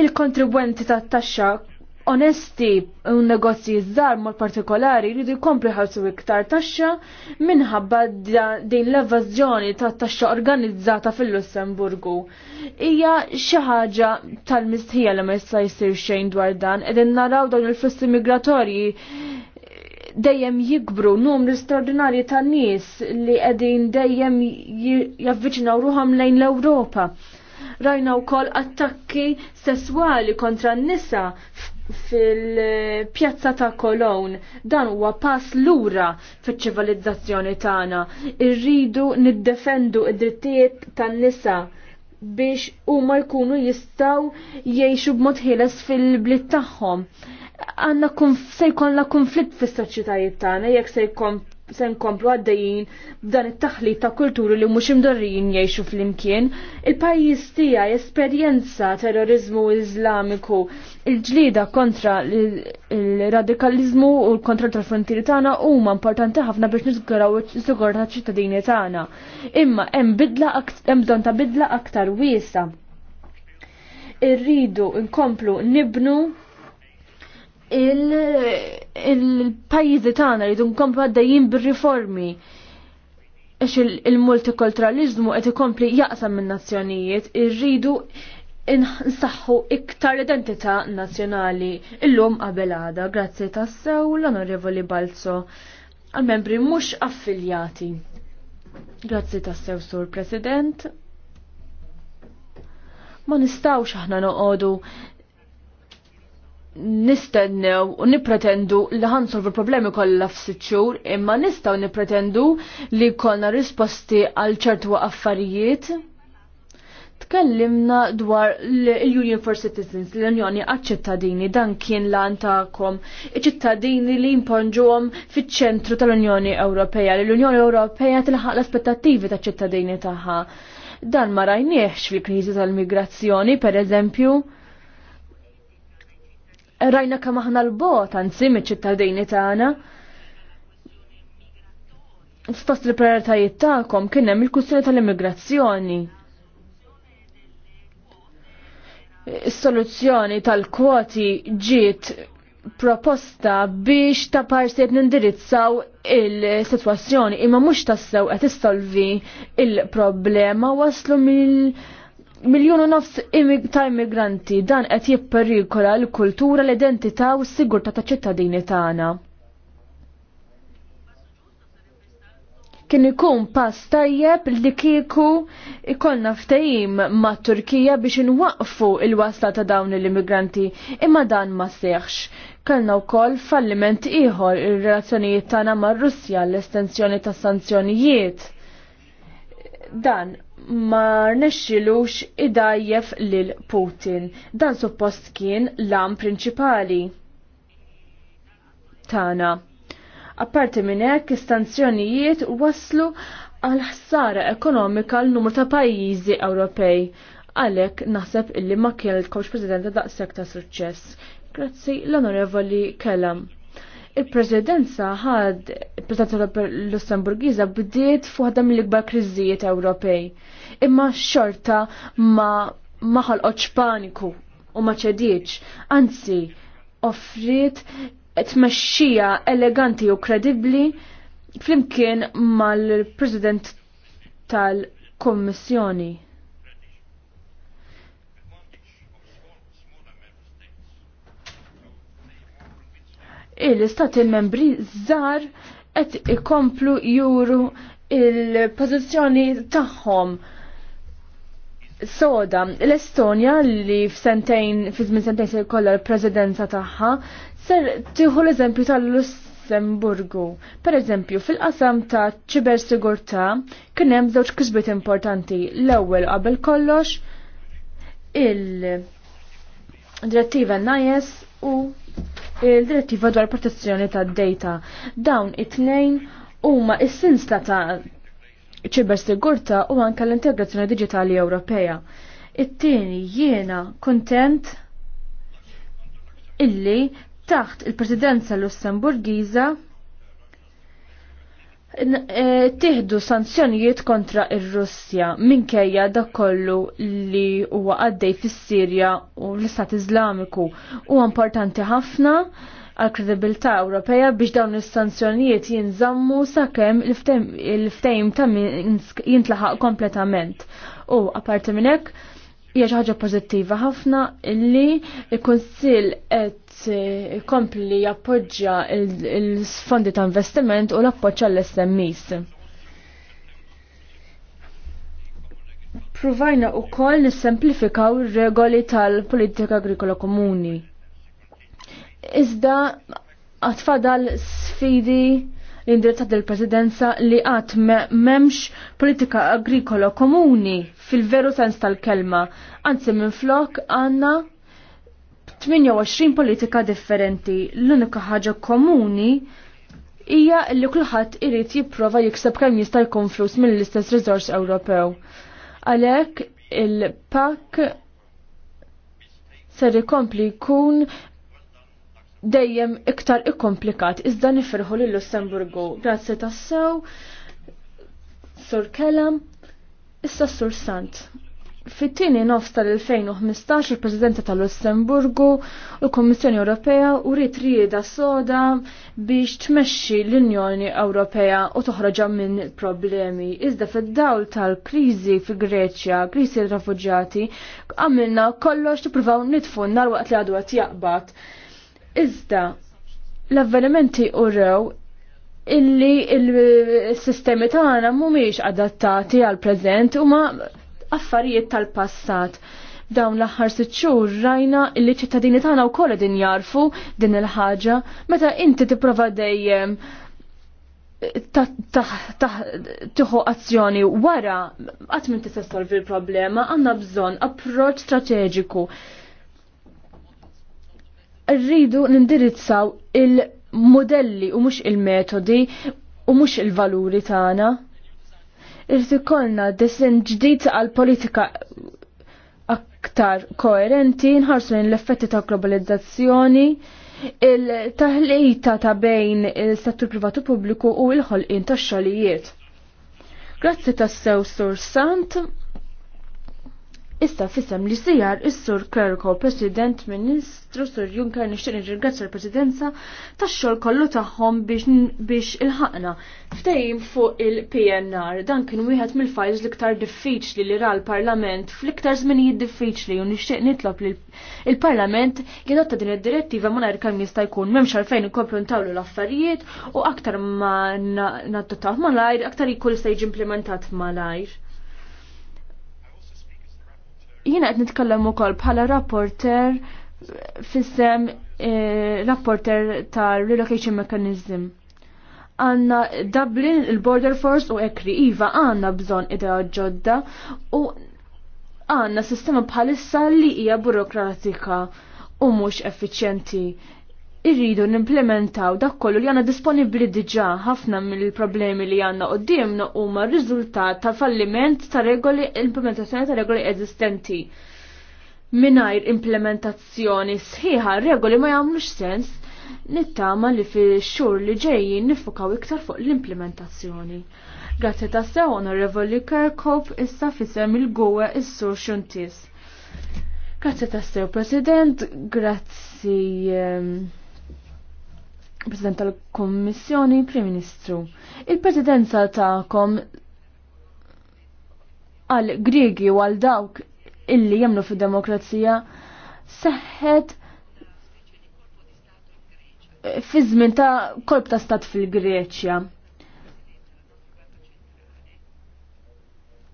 Il-kontribwenti tat-taxxa onesti u negozji żgħar mod partikolari jridu jkompli ħarsu iktar taxxa minħabba din l-evażjoni ta' taxxa organizzata fil-Lussemburgu. Hija xi ħaġa tal-mistħija li ma jista' jsir xejn dwar dan qegħdin naraw dawn il-flussi migratorji dejjem jikbru numri straordinarji ta' nies li qegħdin dejjem javviċinaw ruħam lejn l-Ewropa. Rajna wkoll attakki sesswali kontra n-nisa fil-pjazza ta' Kolon. Dan huwa pass lura fiċ-ċivilizzazzjoni tagħna. Irridu niddefendu id-drittijiet tan-nisa biex huma jkunu jistgħu jgħixu b'mod ħieles fil blied tagħhom. Għandna se jkollna konflitt fis-soċjetajiet tagħna jekk se jkun se nkomplu għaddejjin b'dan it-taħlit ta' kulturi li mhux imdorrin jgħixu flimkien, il-pajjiż tiegħi esperjenza terrorizmu iżlamiku, il-ġlida kontra il-radikalizmu u kontra l-frontieri tagħna huma importanti ħafna biex niżguraw is-sigur ta' ċittadini tagħna. Imma hemm bidla hemm bżonn ta' bidla aktar wiesa. Irridu nkomplu nibnu il-pajizi il tagħna rridu nkomplu għaddejjin bil-reformi għax il-multikulturalizmu qed ikompli jaqsam minn nazzjonijiet irridu nsaħħu iktar identità nazzjonali illum qabel għada grazzi tassew l-Onorevoli Balzo għal membri mhux affiljati. Grazzi tassew Sur President. Ma nistawx aħna noqogħdu nistennew u nipretendu li ħansolvu problemi kollha f'sitt xhur, imma nistgħu nipretendu li kollna risposti għal ċertu affarijiet. Tkellimna dwar l-Union for Citizens, l-Unjoni għal-ċittadini, dan kien lan ta'kom, iċ-ċittadini li jimponġuhom fiċ-ċentru tal-Unjoni Ewropea, li l-Unjoni Ewropea tilħaq l-aspettattivi tal ċittadini tagħha. Dan ma rajniex fil-kriżi tal-migrazzjoni, per eżempju, rajna kemm aħna l-bot anzi miċ-ċittadini tagħna. Fost il-prioritajiet tagħkom kien hemm il-kwistjoni tal-immigrazzjoni. Is-soluzzjoni tal-kwoti ġiet proposta biex ta' parsiet nindirizzaw il-sitwazzjoni imma mhux tassew qed issolvi il-problema waslu mill- u nofs ta' immigranti dan qed jipperikola l-kultura, l-identità u s-sigurtà ta' ċittadini tagħna. Kien ikun pass tajjeb li kieku ikollna ftehim ma' Turkija biex inwaqfu il-wasla ta' dawn l-immigranti, imma dan ma seħx. Kellna wkoll falliment ieħor ir-relazzjonijiet tagħna mar-Russja l-estensjoni tas sanzjonijiet. Dan ma nexxilux idajjef lil Putin. Dan suppost kien l-am prinċipali tana. Apparti minn hekk istanzjonijiet waslu għal ħsara ekonomika l numru ta' pajjiżi Ewropej. Għalhekk naħseb illi ma kellkomx Presidenta daqshekk ta' suċċess. Grazzi l-Onorevoli Kellam. Il-Presidenza ħad il-Presidenza Lussemburgiza bdiet fuħda mill-ikbar kriżijiet Ewropej. Imma xorta ma maħal paniku u ma ċedieċ, anzi offriet tmexxija eleganti u kredibbli flimkien mal-President tal-Kommissjoni. il-istati membri żar qed ikomplu juru il-pożizzjoni tagħhom soda, l-Estonja li f'sentejn, f sentejn se jkollha l-prezidenza tagħha, ser tieħu l-eżempju tal-Lussemburgu. Per eżempju, fil-qasam ta' ċiber kien hemm żewġ kisbiet importanti. L-ewwel qabel kollox il-direttiva NIS u il-direttiva dwar protezzjoni ta' data. Dawn it-tnejn huma is sinsta ta' ċibersigurta u anka l-integrazzjoni digitali Ewropea. It-tieni jiena kontent illi taħt il-Presidenza Lussemburgiza Eh, tiħdu sanzjonijiet kontra ir-Russja minkejja da kollu li huwa għaddej fis-Sirja u l-Istat Iżlamiku huwa importanti ħafna għal kredibilità Ewropea biex dawn is-sanzjonijiet jinżammu sakemm il-ftehim ta' Minsk jintlaħaq kompletament. U apparti minn hekk hija xi ħaġa pożittiva ħafna li l-Kunsill qed ikompli jappoġġja l fondi ta' investiment u l appoġġja l smes Provajna wkoll nissemplifikaw ir-regoli tal-politika agrikola komuni. Iżda għatfadal sfidi l-indirizzat il-presidenza li għat memx politika agrikola komuni fil-veru sens tal-kelma. Anzi minn flok għanna 28 politika differenti. L-unika ħaġa komuni hija li kulħadd irid jipprova jikseb kemm jista' jkun flus mill-istess riżors Ewropew. Għalhekk il-pak ser ikompli jkun dejjem iktar ikkomplikat iżda nifirħu lill Lussemburgu. Grazzi tassew, Sur Kellam, issa Sur Sant. Fit-tieni nofs tal-2015 il-Presidenta tal-Lussemburgu u l-Kommissjoni Ewropea uriet rieda soda biex tmexxi l-Unjoni Ewropea u toħroġa minn problemi. Iżda fid-dawl tal-kriżi fi Greċja, kriżi r refuġjati għamilna kollox tippruvaw nitfu nar waqt li għadu qed jaqbad. Iżda, l-avvenimenti urew illi il-sistemi tagħna mhumiex adattati għal preżent u ma affarijiet tal-passat. Dawn l-aħħar sitt xhur rajna illi ċittadini tagħna wkoll din jarfu din il-ħaġa meta inti tipprova dejjem tieħu azzjoni wara qatt min tista' solvi l-problema għandna bżonn approċċ strateġiku rridu nindirizzaw il-modelli u mhux il-metodi u mhux il-valuri tagħna. Irrid ikollna disin ġdid għal politika aktar koerenti, nħarsu l-effetti ta' globalizzazzjoni, il-taħlita ta' bejn il-settur privatu pubbliku u l-ħolqien tax xogħlijiet. Grazzi tas-sew Sur Sant. Issa fissem li sijar is-Sur Kerko, President Ministru Sur Juncker nixtieq nirringrazzja l-Presidenza tax-xogħol kollu tagħhom biex ilħaqna. Ftejim fuq il-PNR dan kien wieħed mill files l-iktar diffiċli li ra l-Parlament fl-iktar żminijiet diffiċli u nixtieq nitlob li il-Parlament jadotta din id-direttiva mingħajr kemm jista' jkun m'hemmx għalfejn ikomplu ntawlu l-affarijiet u aktar ma nattutaw malajr, aktar jkun se jiġi implementat malajr. Jiena qed nitkellem ukoll bħala rapporter fissem eh, rapporter ta' relocation mechanism. Għanna Dublin, il-Border Force u Ekri, Iva għanna bżon idea ġodda u għanna sistema bħalissa li hija burokratika u mhux effiċjenti irridu nimplementaw dak kollu li għanna disponibli diġa ħafna mill-problemi li għanna dimna huma r-riżultat ta' falliment ta' regoli implementazzjoni ta' regoli eżistenti. Minajr implementazzjoni sħiħa regoli ma jagħmlux sens nittama li fi xhur li ġejjin nifukaw iktar fuq l-implementazzjoni. Grazzi ta' sew onorevoli Kirkhope issa fisem il gowe is-sur xuntis. Grazzi ta' sew President, grazzi ehm, President tal-Kommissjoni, Prim Ministru. Il-Presidenza ta'kom għal Griegi u għal dawk illi jemnu fid-demokrazija seħħet fi żmien ta' kolb ta' stat fil-Greċja.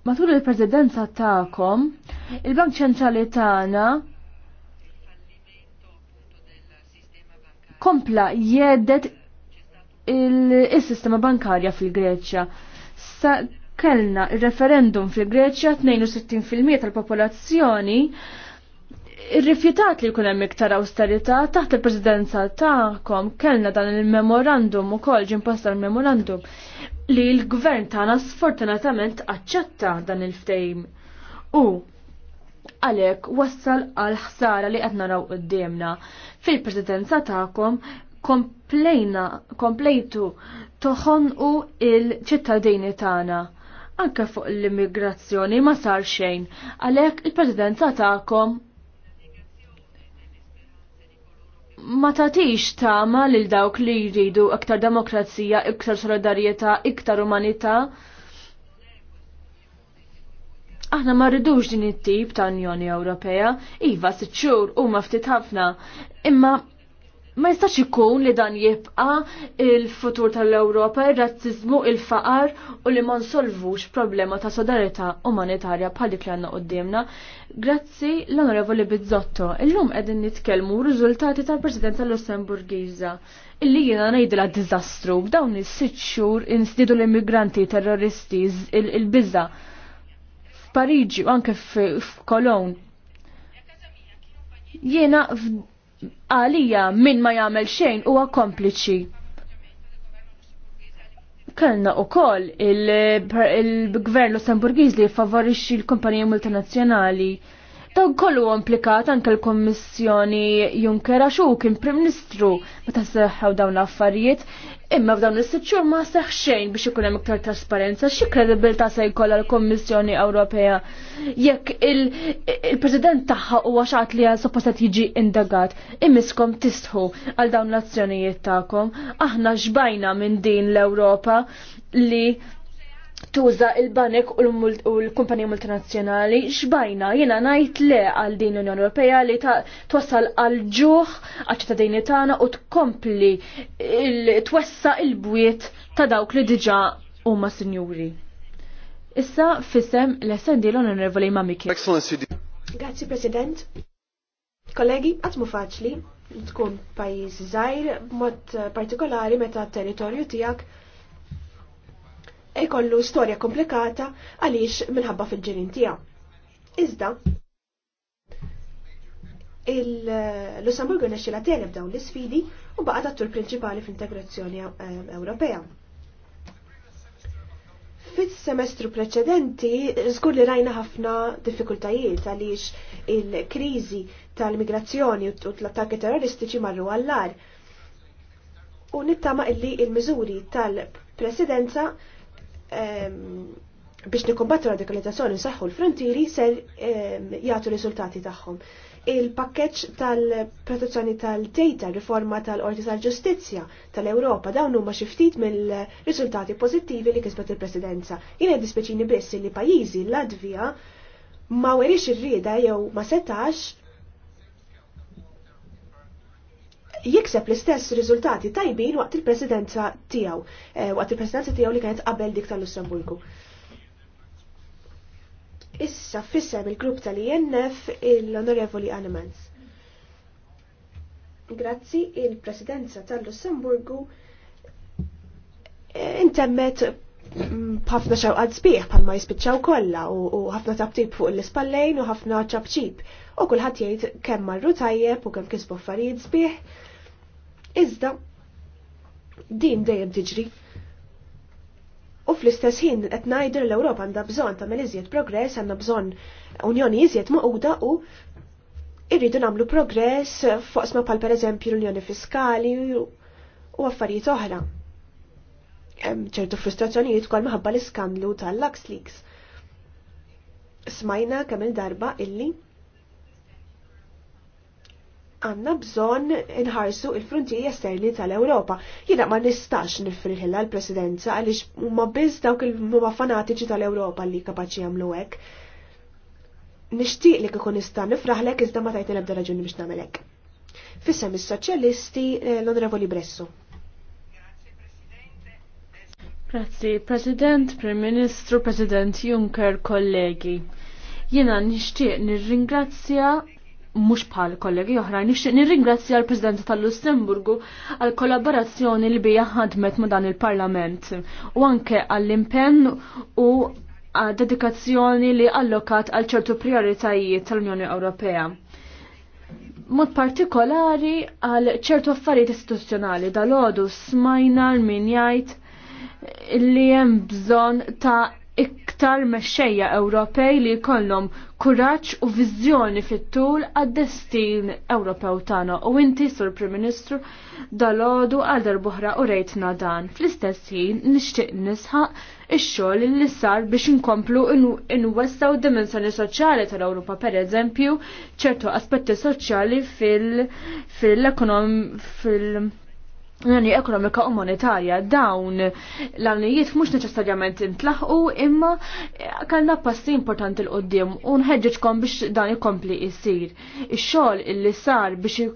Matul il-Presidenza ta'kom, il-Bank Ċentrali tagħna kompla jedet il-sistema bankarja fil-Greċja. Sa kellna il-referendum fil-Greċja 62% tal-popolazzjoni irrifjutat li jkun hemm iktar awsterità taħt il-presidenza tagħkom kellna dan il-memorandum ukoll ġimposta l-memorandum li l-gvern tagħna sfortunatament aċċetta dan il-ftehim. U għalhekk wassal għal ħsara li qed naraw qudiemna. Fil-presidenza tagħkom komplejna komplejtu toħonqu il-ċittadini tagħna anke fuq l-immigrazzjoni ma sar xejn, għalhekk il-presidenza tagħkom ma tatix tama lil dawk li jridu iktar demokrazija, iktar solidarjetà, iktar umanità. Aħna ma rridux din it-tip ta' Unjoni Ewropea, iva sitt xhur huma ftit ħafna, imma ma jistax ikun li dan jibqa il-futur tal-Ewropa, ir-razzizmu, il-faqar u li ma nsolvux problema ta' solidarità umanitarja bħal dik li għandna qudiemna. Grazzi l-Onorevoli Bizzotto, illum qegħdin nitkellmu riżultati tal-Presidenza Lussemburgiża illi jiena ngħidilha diżastru b'dawn is-sitt xhur insnidu l-immigranti terroristi il-biża' f'Pariġi u anke f'Kolon. Jiena għalija min ma jagħmel xejn huwa kompliċi. Kellna wkoll il-gvern Lussemburgiż li favorixxi l-kumpaniji multinazzjonali. Dawn kollu implikat anke l-Kommissjoni Juncker għax kien Prim Ministru meta seħħew dawn l-affarijiet, Imma f'dawn is sitxur ma seħ xejn biex ikun hemm iktar trasparenza, xi kredibilità se jkollha l-Kommissjoni Ewropea jekk il-President tagħha huwa xagħat li suppostat jiġi indagat. imiskom tistħu għal dawn l-azzjonijiet tagħkom. Aħna xbajna minn din l-Ewropa li tuża il-banek u l kumpani multinazzjonali xbajna jiena ngħid le għal din l-Unjoni Ewropea li twassal għal ġuħ għal ċittadini tagħna u tkompli twessa il-bwiet ta' dawk li diġà huma sinjuri. Issa fisem l-essendi l-Onorevoli Mamiki. Grazie President. Kollegi, għatmu faċli tkun pajis zaħir, b'mod partikolari meta t-territorju tiegħek jkollu storja komplikata għaliex minħabba fil-ġirin tiegħu. Iżda, l-Lussemburgu la telef dawn l-isfidi u baqa l prinċipali fl-integrazzjoni eh, Ewropea. Fis-semestru preċedenti żgur li rajna ħafna diffikultajiet għaliex il-kriżi tal-migrazzjoni u tal attakki terroristiċi marru għallar. U nittama illi il-miżuri tal-presidenza biex nikombattu radikalizzazzjoni saħħu l-frontieri ser jagħtu riżultati tagħhom. Il-pakkeġġ tal-protezzjoni tal-data, riforma tal-Qorti tal-Ġustizzja tal-Ewropa dawn huma xi ftit mill-riżultati pożittivi li kisbet il-Presidenza. Jien qed dispeċini biss li pajjiżi l-Latvija ma weriex ir-rieda jew ma setax jikseb l-istess riżultati tajbin waqt il-presidenza tiegħu, eh, waqt il-presidenza tiegħu li kienet qabel dik tal-Lussemburgu. Issa fissem il-grupp tal-INF l-Onorevoli Animans. Grazzi il-presidenza tal-Lussemburgu eh, intemmet mm, ħafna xawqad sbieħ palma jispiċċaw kollha u ħafna tabtib fuq l-ispallejn u ħafna ċabċib. U kulħadd jgħid kemm marru tajjeb u kemm kisbu affarijiet sbieħ Iżda, din dejjem tiġri. U fl-istess ħin qed ngħidu l-Ewropa għandha bżonn tagħmel iżjed progress, għandha bżonn Unjoni iżjed maquda u irridu nagħmlu progress foqsma pal pereżempju l-Unjoni Fiskali u affarijiet oħra. Hemm ċertu frustrazzjonijiet kol maħabba l-iskandlu tal-Lux Leaks. Smajna kemm il-darba illi għanna bżon inħarsu il-frontieri esterni tal-Ewropa. Jiena ma nistax nifriħilla l-presidenza għaliex huma biss dawk il muma fanatiċi tal-Ewropa li kapaċi jagħmlu hekk. Nixtieq li kikun nista' nifraħlek iżda ma tajtina l raġuni biex namelek. Fissem is-soċjalisti eh, l-Onorevoli Bressu. Grazzi, President, Prim Ministru, President Juncker, kollegi. Jiena nixtieq nirringrazzja mhux bħal kollegi oħra nixtieq nirringrazzja l-President tal-Lussemburgu għal kollaborazzjoni li bija ħadmet ma' dan il-Parlament u anke għall-impenn u għad dedikazzjoni li allokat għal ċertu prioritajiet tal-Unjoni Ewropea mod partikolari għal ċertu affarijiet istituzzjonali dal-għodu smajna l-min jgħid li hemm bżonn ta' aktar mexxejja Ewropej li jkollhom kuraġġ u viżjoni fit-tul għad-destin Ewropew tagħna u inti sur Prim Ministru dalodu għal darbohra u rejtna dan. Fl-istess ħin nixtieq nisħaq ix-xogħol li sar biex inkomplu inwessaw dimensjoni soċjali tal-Ewropa pereżempju ċertu aspetti soċjali fil-ekonom fil, fil Unjoni Ekonomika u Monetarja dawn l-għannijiet mux neċessarjament intlaħu imma kellna passi importanti l-qoddim u nħedġiġkom biex dan ikompli jisir. Ix-xogħol illi sar biex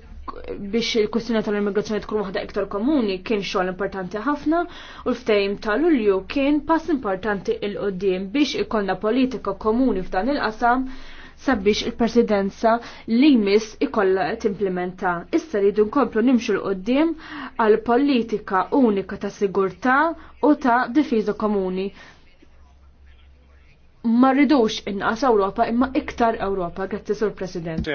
biex il kustjoni tal-immigrazzjoni tkun waħda iktar komuni kien xogħol importanti ħafna u l-ftehim tal-Ulju kien pass importanti il qoddim biex ikollna politika komuni f'dan il-qasam sabiex il-presidenza li jmiss ikolla t-implementa. Issa li dun komplu nimxu l-qoddim għal politika unika ta' sigurta u ta' difiza komuni. Ma rridux inqas Ewropa imma iktar Ewropa, grazzi sur President.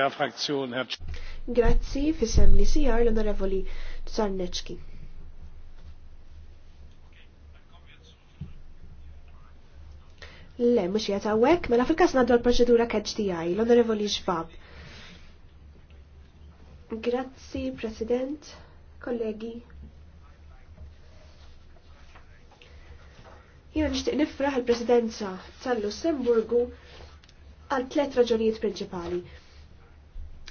Grazzi fisem li sijar l-onorevoli Tsarneċki. Le, mux jgħatawek, mela fil-kas naddu l-proċedura KHDI, l-Onorevoli Xbab. Grazzi, President, kollegi. Jena nishtiq nifraħ il-Presidenza tal-Lussemburgu għal tlet raġunijiet prinċipali.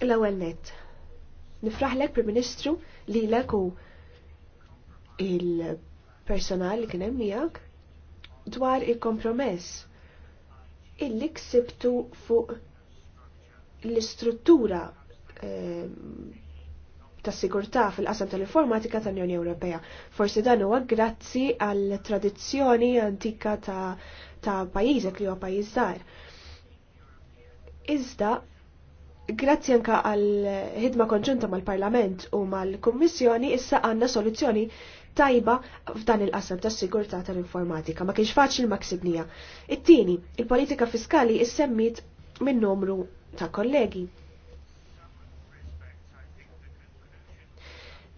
L-ewwel net. Nifraħlek Prim Ministru li lek u il-personal li kien hemm miegħek dwar il-kompromess illi ksibtu fuq l-istruttura eh, ta' sigurtà fil-qasam tal-informatika tal-Unjoni Ewropea. Forsi dan huwa grazzi għall tradizzjoni antika ta', ta pajjiżek li huwa pajjiż żgħar. Iżda grazzi anka għal ħidma konġunta mal-Parlament u mal-Kummissjoni issa għandna soluzzjoni tajba f'dan il-qasam tas sigurtà tal-informatika, ma kienx faċli ma ksibnija. It-tieni, il-politika fiskali issemmit minn numru ta' kollegi.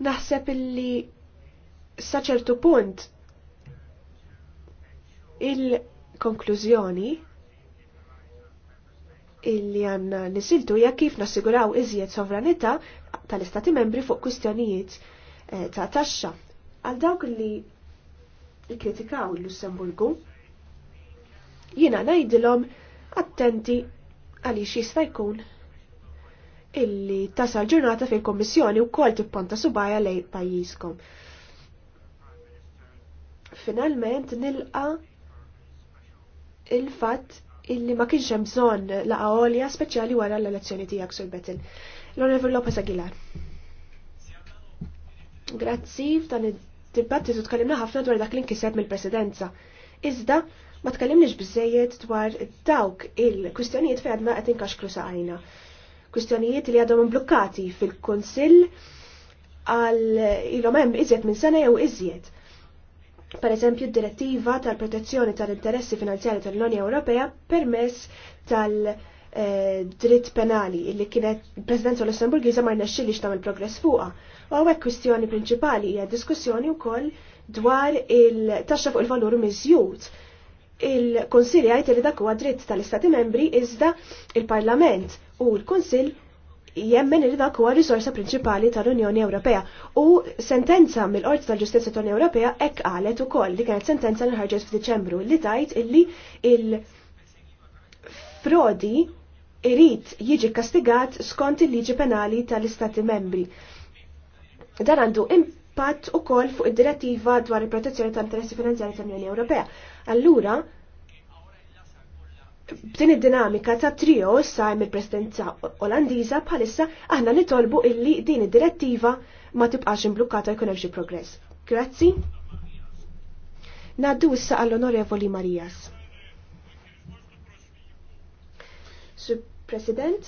Naħseb illi saċertu punt il-konklużjoni illi għanna nisiltu hija kif nassiguraw iżjed sovranità tal-istati membri fuq kwistjonijiet eh, ta' taxxa. Għal dawk li kritikaw il-Lussemburgu, jina najdilom attenti għaliex jista' jkun illi tasal ġurnata fil kommissjoni u kol tippanta subaja lej pajjiżkom. Finalment nilqa il-fatt illi ma kienx hemm bżonn laqa għolja speċjali wara l-elezzjoni tiegħek sur Betin. L-Onorevol Lopez Aguilar. Grazzi f'dan id dibattitu tkallimna ħafna dwar dak li nkiseb mill-presidenza. Iżda ma tkellimniex biżejjed dwar dawk il-kwistjonijiet fejn għadna qed inkaxklu saqajna. Kwistjonijiet li għadhom mblukkati fil-Kunsill għal ilhom hemm iżjed minn sena jew iżjed per eżempju d-direttiva tal-protezzjoni tal-interessi finanzjari tal-Unjoni Ewropea permess tal-, -tal Eh, dritt penali illi kienet il-Presidenza Lussemburgiża ma rnexxi li x'tagħmel progress fuqha. U għawek kwistjoni prinċipali hija diskussjoni wkoll dwar il-taxxa fuq il-valur miżjud. Il-Konsilj jgħid li dak huwa dritt tal-Istati Membri iżda il-Parlament u l-Kunsill jemmen li dak huwa risorsa prinċipali tal-Unjoni Ewropea u sentenza mill-Qorti tal ġustizja tal-Unjoni Ewropea hekk qalet ukoll li kienet sentenza li ħarġet f'Diċembru li tajt illi il-, -il frodi irrit jiġi kastigat skont il-liġi penali tal-Istati membri. Dan għandu impatt u koll fuq id-direttiva dwar il-protezzjoni tal-interessi finanzjari tal-Unjoni Ewropea. Allura, b'din id-dinamika ta' trio sa' mill presidenza Olandiża bħalissa aħna nitolbu illi din id-direttiva ma tibqax imblukkata jkun hemm xi progress. Grazzi. Naddu issa għall-Onorevoli Marijas. Sur President?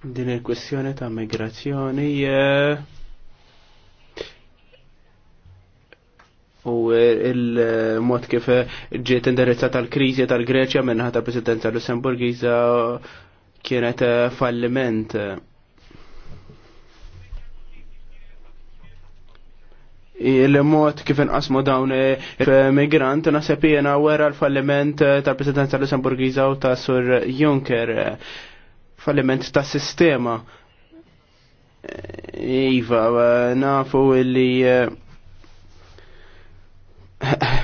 Din il-kwestjoni ta' migrazzjoni eh, u eh, il-mod kif eh, ġiet indirizzata tal-kriżi tal-Greċja minnaħa ta' Presidenza Lussemburgiża kienet falliment. il-mod kif inqasmu dawn migrant naħseb jiena wera l-falliment tal-Presidenza Lussemburgiża u ta' Sur Juncker falliment ta' sistema. Iva, nafu illi eh, [laughs]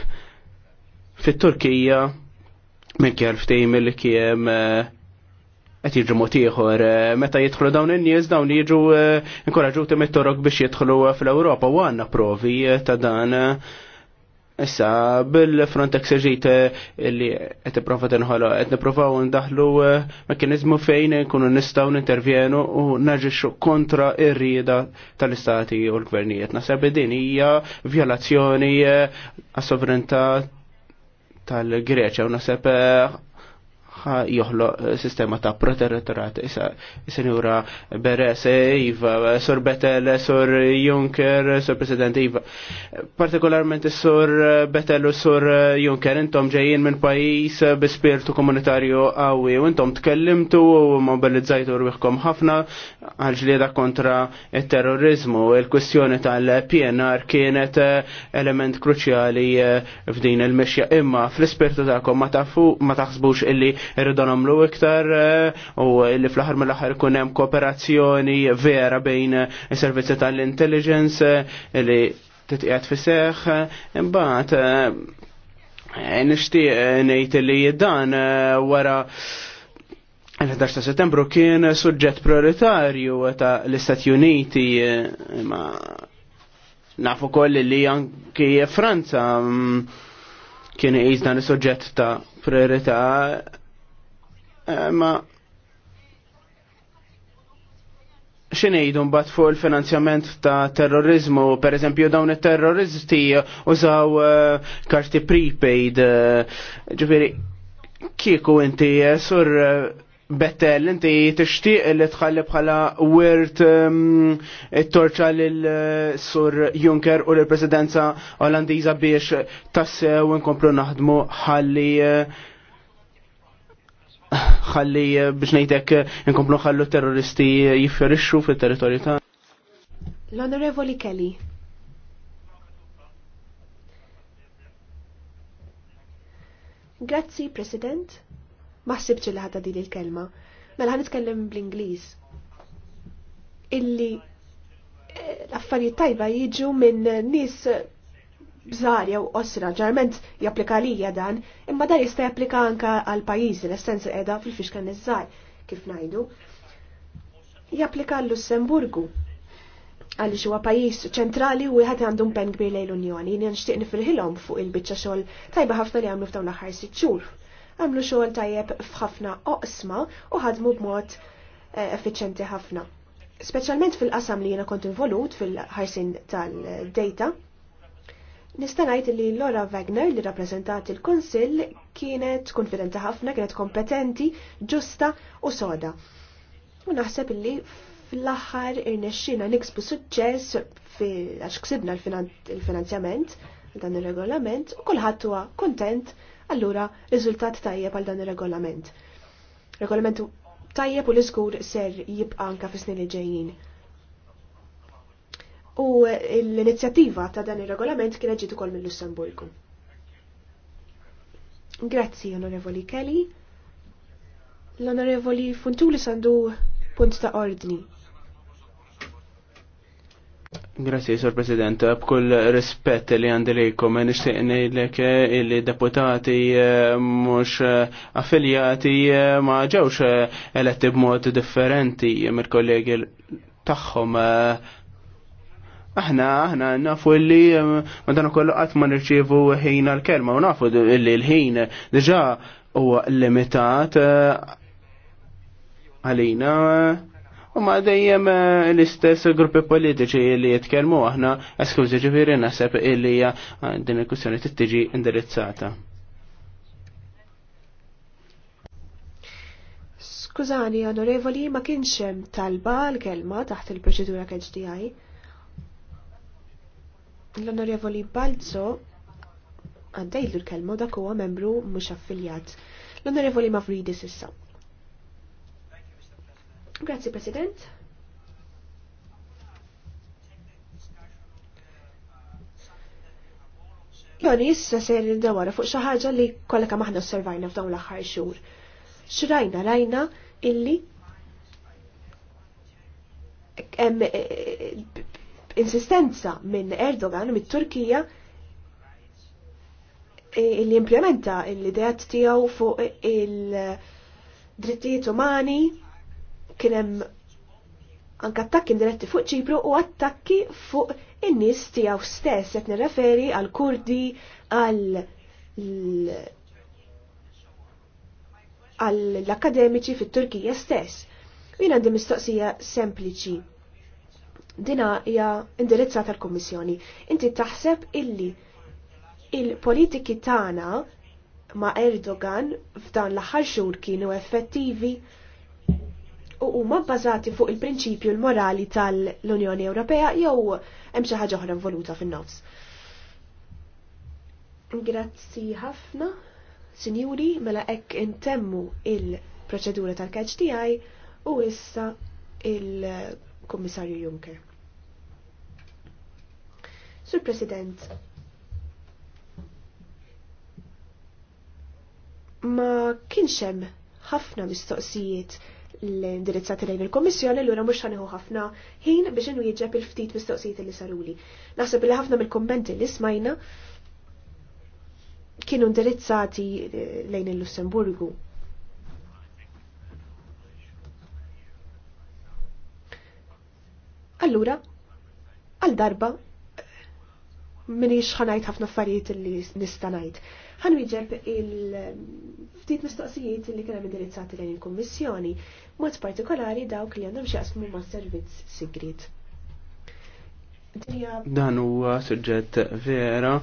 fit-Turkija minn kjer ftejim li kiem uh, eh, qed jiġu mod ieħor. Eh, meta jidħlu dawn in-nies dawn jiġu eh, inkoraġuti mit-torok biex jidħlu fl-Ewropa u għandna provi eh, ta' dan. Issa, bil-Frontex ġit li qed ipprova tinħolo, qed nippruvaw ndaħlu mekkaniżmu fejn nkunu nistgħu nintervjenu u naġixxu kontra ir-rieda tal-istati u l-gvernijiet. Naħseb din hija vjolazzjoni għas sovrinta tal-Greċja u naħseb Ħa joħloq eh, sistema ta' proterretorat. Issa, senjura Beres, eh, Iva, Sur Betel, Sur Juncker, Sur President Iva. Partikolarment Sur Betel u Sur Juncker, intom ġejjin minn pajis bispirtu komunitarju għawi, u intom tkellimtu u mobilizzajtu rwiħkom ħafna għalġlieda kontra il-terrorizmu. Il-kwestjoni tal-PNR kienet eh, element kruċjali f'din il-mexja. Imma fl-ispirtu ta'kom ma taħsbux illi irridu nagħmlu iktar eh, u li fl-aħħar mill-aħħar ikun hemm kooperazzjoni vera bejn is-servizzi eh, tal-intelligence eh, li titqiegħed fis imbagħad nixtieq ngħid li dan wara l 11 ta' settembru kien suġġett prioritarju ta' l-Istati Uniti ma' nafu koll li anki Franza mm, kien jgħid dan is-suġġett ta' priorità Eh, ma xinejdu mbagħad fuq il-finanzjament ta' terrorizmu, per eżempju dawn it-terroristi użaw eh, karti prepaid, eh, ġifieri kieku inti sur Bettel, inti tixtieq li tħalli bħala wirt ehm, it-torċa lil sur Juncker u l-Presidenza Olandiża biex tassew inkomplu naħdmu ħalli ħalli eh, biex ngħidek eh, inkomplu ħallu terroristi jifferixxu fit-territorju ta' L-Onorevoli Kelly. Grazzi, President. Ma ħsibx li ħadda din il-kelma. Mela nitkellem bl-Ingliż. Illi eh, l-affarijiet tajba jiġu minn nies bżar jew osra ġarment japplika lija dan, imma dan jista' japplika anka għal pajjiżi l-essenza qiegħda fil-fixkan iż-żgħar kif ngħidu. Japplika l lussemburgu għaliex huwa pajjiż ċentrali u wieħed għandu pen kbir lejn l-Unjoni, jien nixtieq nifirħilhom fuq il-biċċa xogħol tajba ħafna li għamlu f'dawn l-aħħar sitt xhur. Għamlu xogħol tajjeb f'ħafna oqsma u ħadmu b'mod eh, effiċjenti ħafna. Speċjalment fil-qasam li jiena kont involut fil-ħarsin tal-data, Nistanajt li Laura Wagner li rappresentat il-Konsil kienet konfidenti ħafna, kienet kompetenti, ġusta u soda. U naħseb li fl-aħħar irnexxina niksbu suċċess għax ksibna l-finanzjament dan ir-regolament u kulħadd huwa kontent allura riżultat tajjeb għal dan ir-regolament. Regolament tajjeb u l-iskur ser jibqa' anka fis-snin li ġejjin u l-inizjattiva ta' dan ir-regolament kienet ġiet ukoll mill-Lussemburgu. Grazzi, Onorevoli Kelly. L-Onorevoli Funtuli sandu punt ta' ordni. Grazie, Sor President. B'kull rispett li għandi lejkom, nishtiq ngħidlek li deputati eh, mhux affiljati eh, ma ġewx eh, eletti b'mod differenti mill-kollegi tagħhom Aħna, aħna nafu illi eh, madan kollu qatt ma nirċievu ħin għal-kelma u nafu illi l-ħin diġa' huwa limitat eh, għalina u ma dejjem eh, l-istess gruppi politiċi li jitkellmu aħna eskużi ġifieri naħseb illi din il-kwistjoni tittiġi indirizzata. Skużani, onorevoli, ma kienx hemm talba l-kelma taħt il-proċedura KHDI. L-Onorevoli Balzo għaddej l-kelma dak huwa membru mhux affiljat. L-Onorevoli Mavridis issa. Grazzi President. Joni issa se ndawara fuq xi ħaġa li kollha kemm aħna osservajna f'dawn l-aħħar xhur. Xrajna rajna illi hemm eh, insistenza minn Erdogan, mit turkija eh, li implementa l-idejat tiegħu fuq il-drittijiet umani kien hemm anke attakki indiretti fuq Ċipru u attakki fuq in-nies tiegħu stess qed nirreferi għal Kurdi għal għall-akademiċi fit-Turkija stess. Jien għandi mistoqsija sempliċi Dina hija indirizzata tal-Kummissjoni. Inti taħseb illi il-politiki tagħna ma' Erdogan f'dan l-aħħar xhur kienu effettivi u huma bbażati fuq il-prinċipju l-morali tal-Unjoni Ewropea jew hemm xi ħaġa oħra involuta fin-nofs. Grazzi ħafna, Sinjuri, mela hekk intemmu il-proċedura tal-catch u issa il- Kommissarju Juncker. Sur President, ma kienx hemm ħafna mistoqsijiet l-indirizzati lejn il-Kommissjoni l-ura mux ħaniħu ħafna ħin biex nwieġeb il-ftit mistoqsijiet li saruli. Naħseb li ħafna mill-kommenti li smajna kienu indirizzati lejn il-Lussemburgu. Allura, għal darba, minni ħanajt ħafna affarijiet li nistanajt. Ħan wieġeb il-ftit mistoqsijiet li kena indirizzati l il-Kummissjoni, mod partikolari dawk li għandhom xaqsmu ma' servizz sigrit. Dan huwa suġġett vera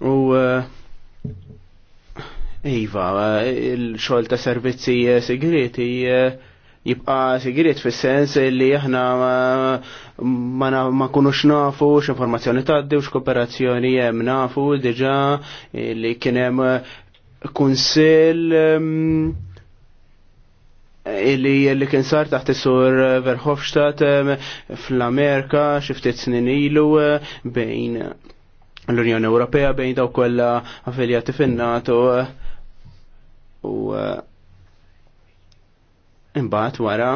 u eh, Iva, eh, il-xogħol ta' servizzi eh, segreti jibqa segret fis-sens li aħna ma kunux nafu x'informazzjoni taddi, u x'kooperazzjoni hemm nafu diġà li kien hemm kunsill illi ehm, li kien sar taħt is-sur Verhofstadt ehm, fl-Amerika xi ftit snin ilu ehm, bejn l-Unjoni Ewropea bejn daw kollha affiljati fin-NATO u Imbagħad wara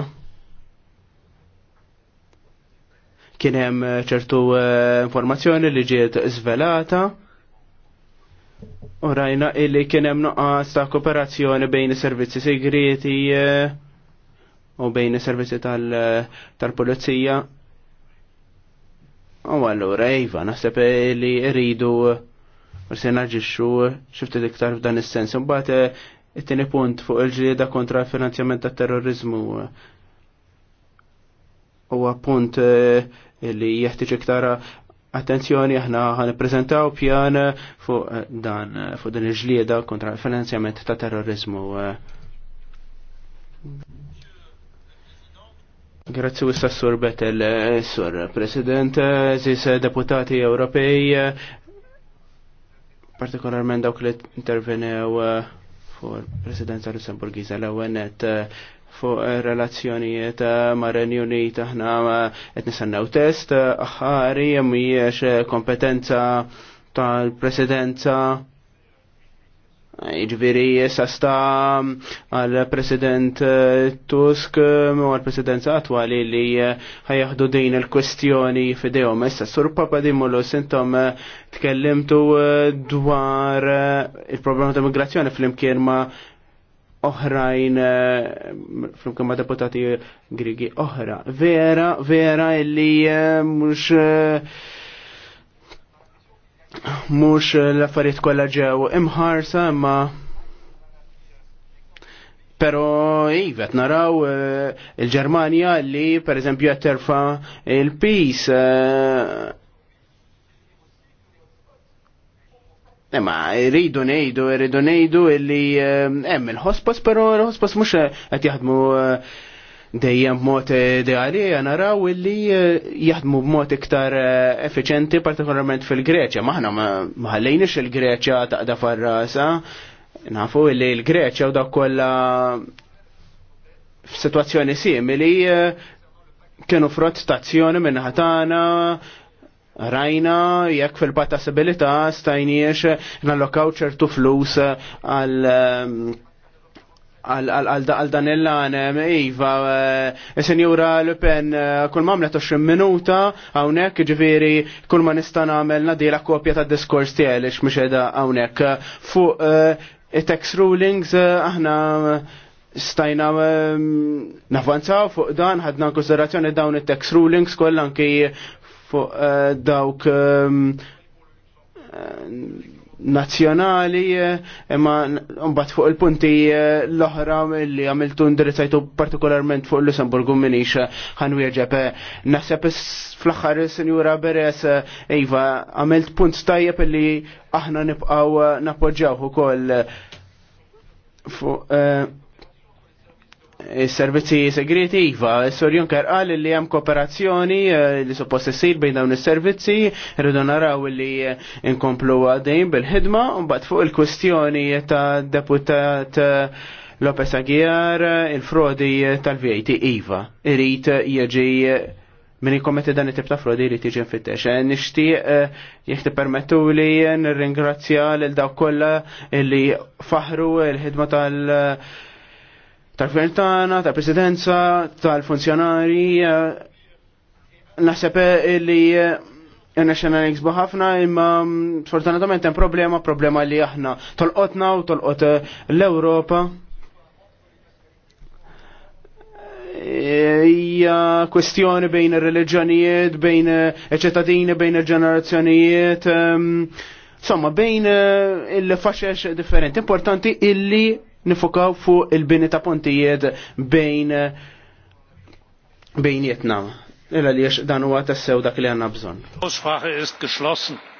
kien hemm eh, ċertu eh, informazzjoni li ġiet żvelata u rajna illi kien hemm nuqqas ta' kooperazzjoni bejn is-servizzi segreti eh, u bejn is-servizzi tal-pulizija. U allura iva, naħseb li rridu forsi naġixxu xifti iktar f'dan is-sens. Imbagħad It-tieni punt fuq il-ġlieda kontra l-finanzjament ta' terrorizmu huwa punt eh, li jeħtieġ iktar attenzjoni aħna ħanippreżentaw pjan fuq dan fuq din il-ġlieda kontra l-finanzjament ta' terrorizmu. Grazzi wissa sur Betel, sur President, zis deputati Ewropej, partikolarment dawk li intervenew fuq presidenza Lussemburgiza l-ewenet eh, fuq relazzjonijiet eh, ma' Renju Unit aħna eh, qed nistennew test aħħari mhijiex kompetenza tal-presidenza Iġviri sasta għal-President eh, Tusk eh, u għal-President Zatwali li eh, ħajjaħdu din il-kwestjoni fidejom. Issa, Sur Papa Dimulus, intom tkellimtu dwar il-problema ta' migrazzjoni fl-imkien ma' oħrajn fl-imkien ma' deputati grigi oħra. Vera, vera illi mux mux l-affarijiet kollha ġew imħarsa imma Pero ivet naraw eh, il-Ġermanja li per eżempju terfa il-pis. Ema, eh, rridu nejdu, rridu nejdu illi eh, hemm il-ħospos, pero il-ħospos mhux qed jaħdmu dejjem mod eh, ideali eh, naraw illi eh, jaħdmu b'mod iktar effiċenti partikolarment fil-Greċja. Maħna ma ħallejniex il-Greċja taqda farrasa, nafu illi l-Greċja u dak kollha f'sitwazzjoni simili kienu frott stazzjoni minn ħatana rajna jekk fil-patasabilità stajniex nallokaw ċertu flus għal għal dan il lanem Iva, eh, senjura Le Pen, eh, kull mamlet 20 minuta, għawnek, ġiviri, kull ma nistan għamel la' kopja ta' diskors tiegħi mux edha għawnek. Fuq eh, tax rulings, aħna stajna navanzaw fuq dan, ħadna konsiderazzjoni dawn it-tax rulings kollan ki fuq dawk nazzjonali eh, imma mbagħad fuq il-punti eh, l-oħra li għamiltu ndirizzajtu partikolarment fuq Lussemburg u minix eh, ħanwieġeb. Naħseb fl-aħħar Sinjura Beres Iva għamilt punt tajjeb li aħna nibqgħu nappoġġjawh ukoll fuq Is-servizzi segreti iva, Sur Junker qal li hemm kooperazzjoni eh, li suppost issir bejn dawn is-servizzi, rridu naraw li eh, nkomplu għadin bil-ħidma, mbagħad fuq il kustjoni ta' deputat eh, Lopez Aguiar il-frodi tal-VAT iva. irrit jieġi min jkommetti dan it-tip ta' frodi li tiġi nfittex. Nixtieq jekk permettu li nirringrazzja lil dawk kollha li faħru l-ħidma tal- tal-gvern tal-presidenza, tal-funzjonari, eh, naħseb eh, li eh, National X ħafna imma mm, sfortunatament hemm problema, problema li aħna tolqotna u tolqot l-Ewropa. Hija kwestjoni bejn ir-reliġjonijiet, bejn iċ-ċittadini, bejn il-ġenerazzjonijiet, ehm, insomma bejn il-faxex differenti. Importanti illi nifokaw fuq il-bini ta' pontijiet bejn bejn bejnietna. Illa li dan huwa tassew dak li għanna bżon. Aussprache ist geschlossen.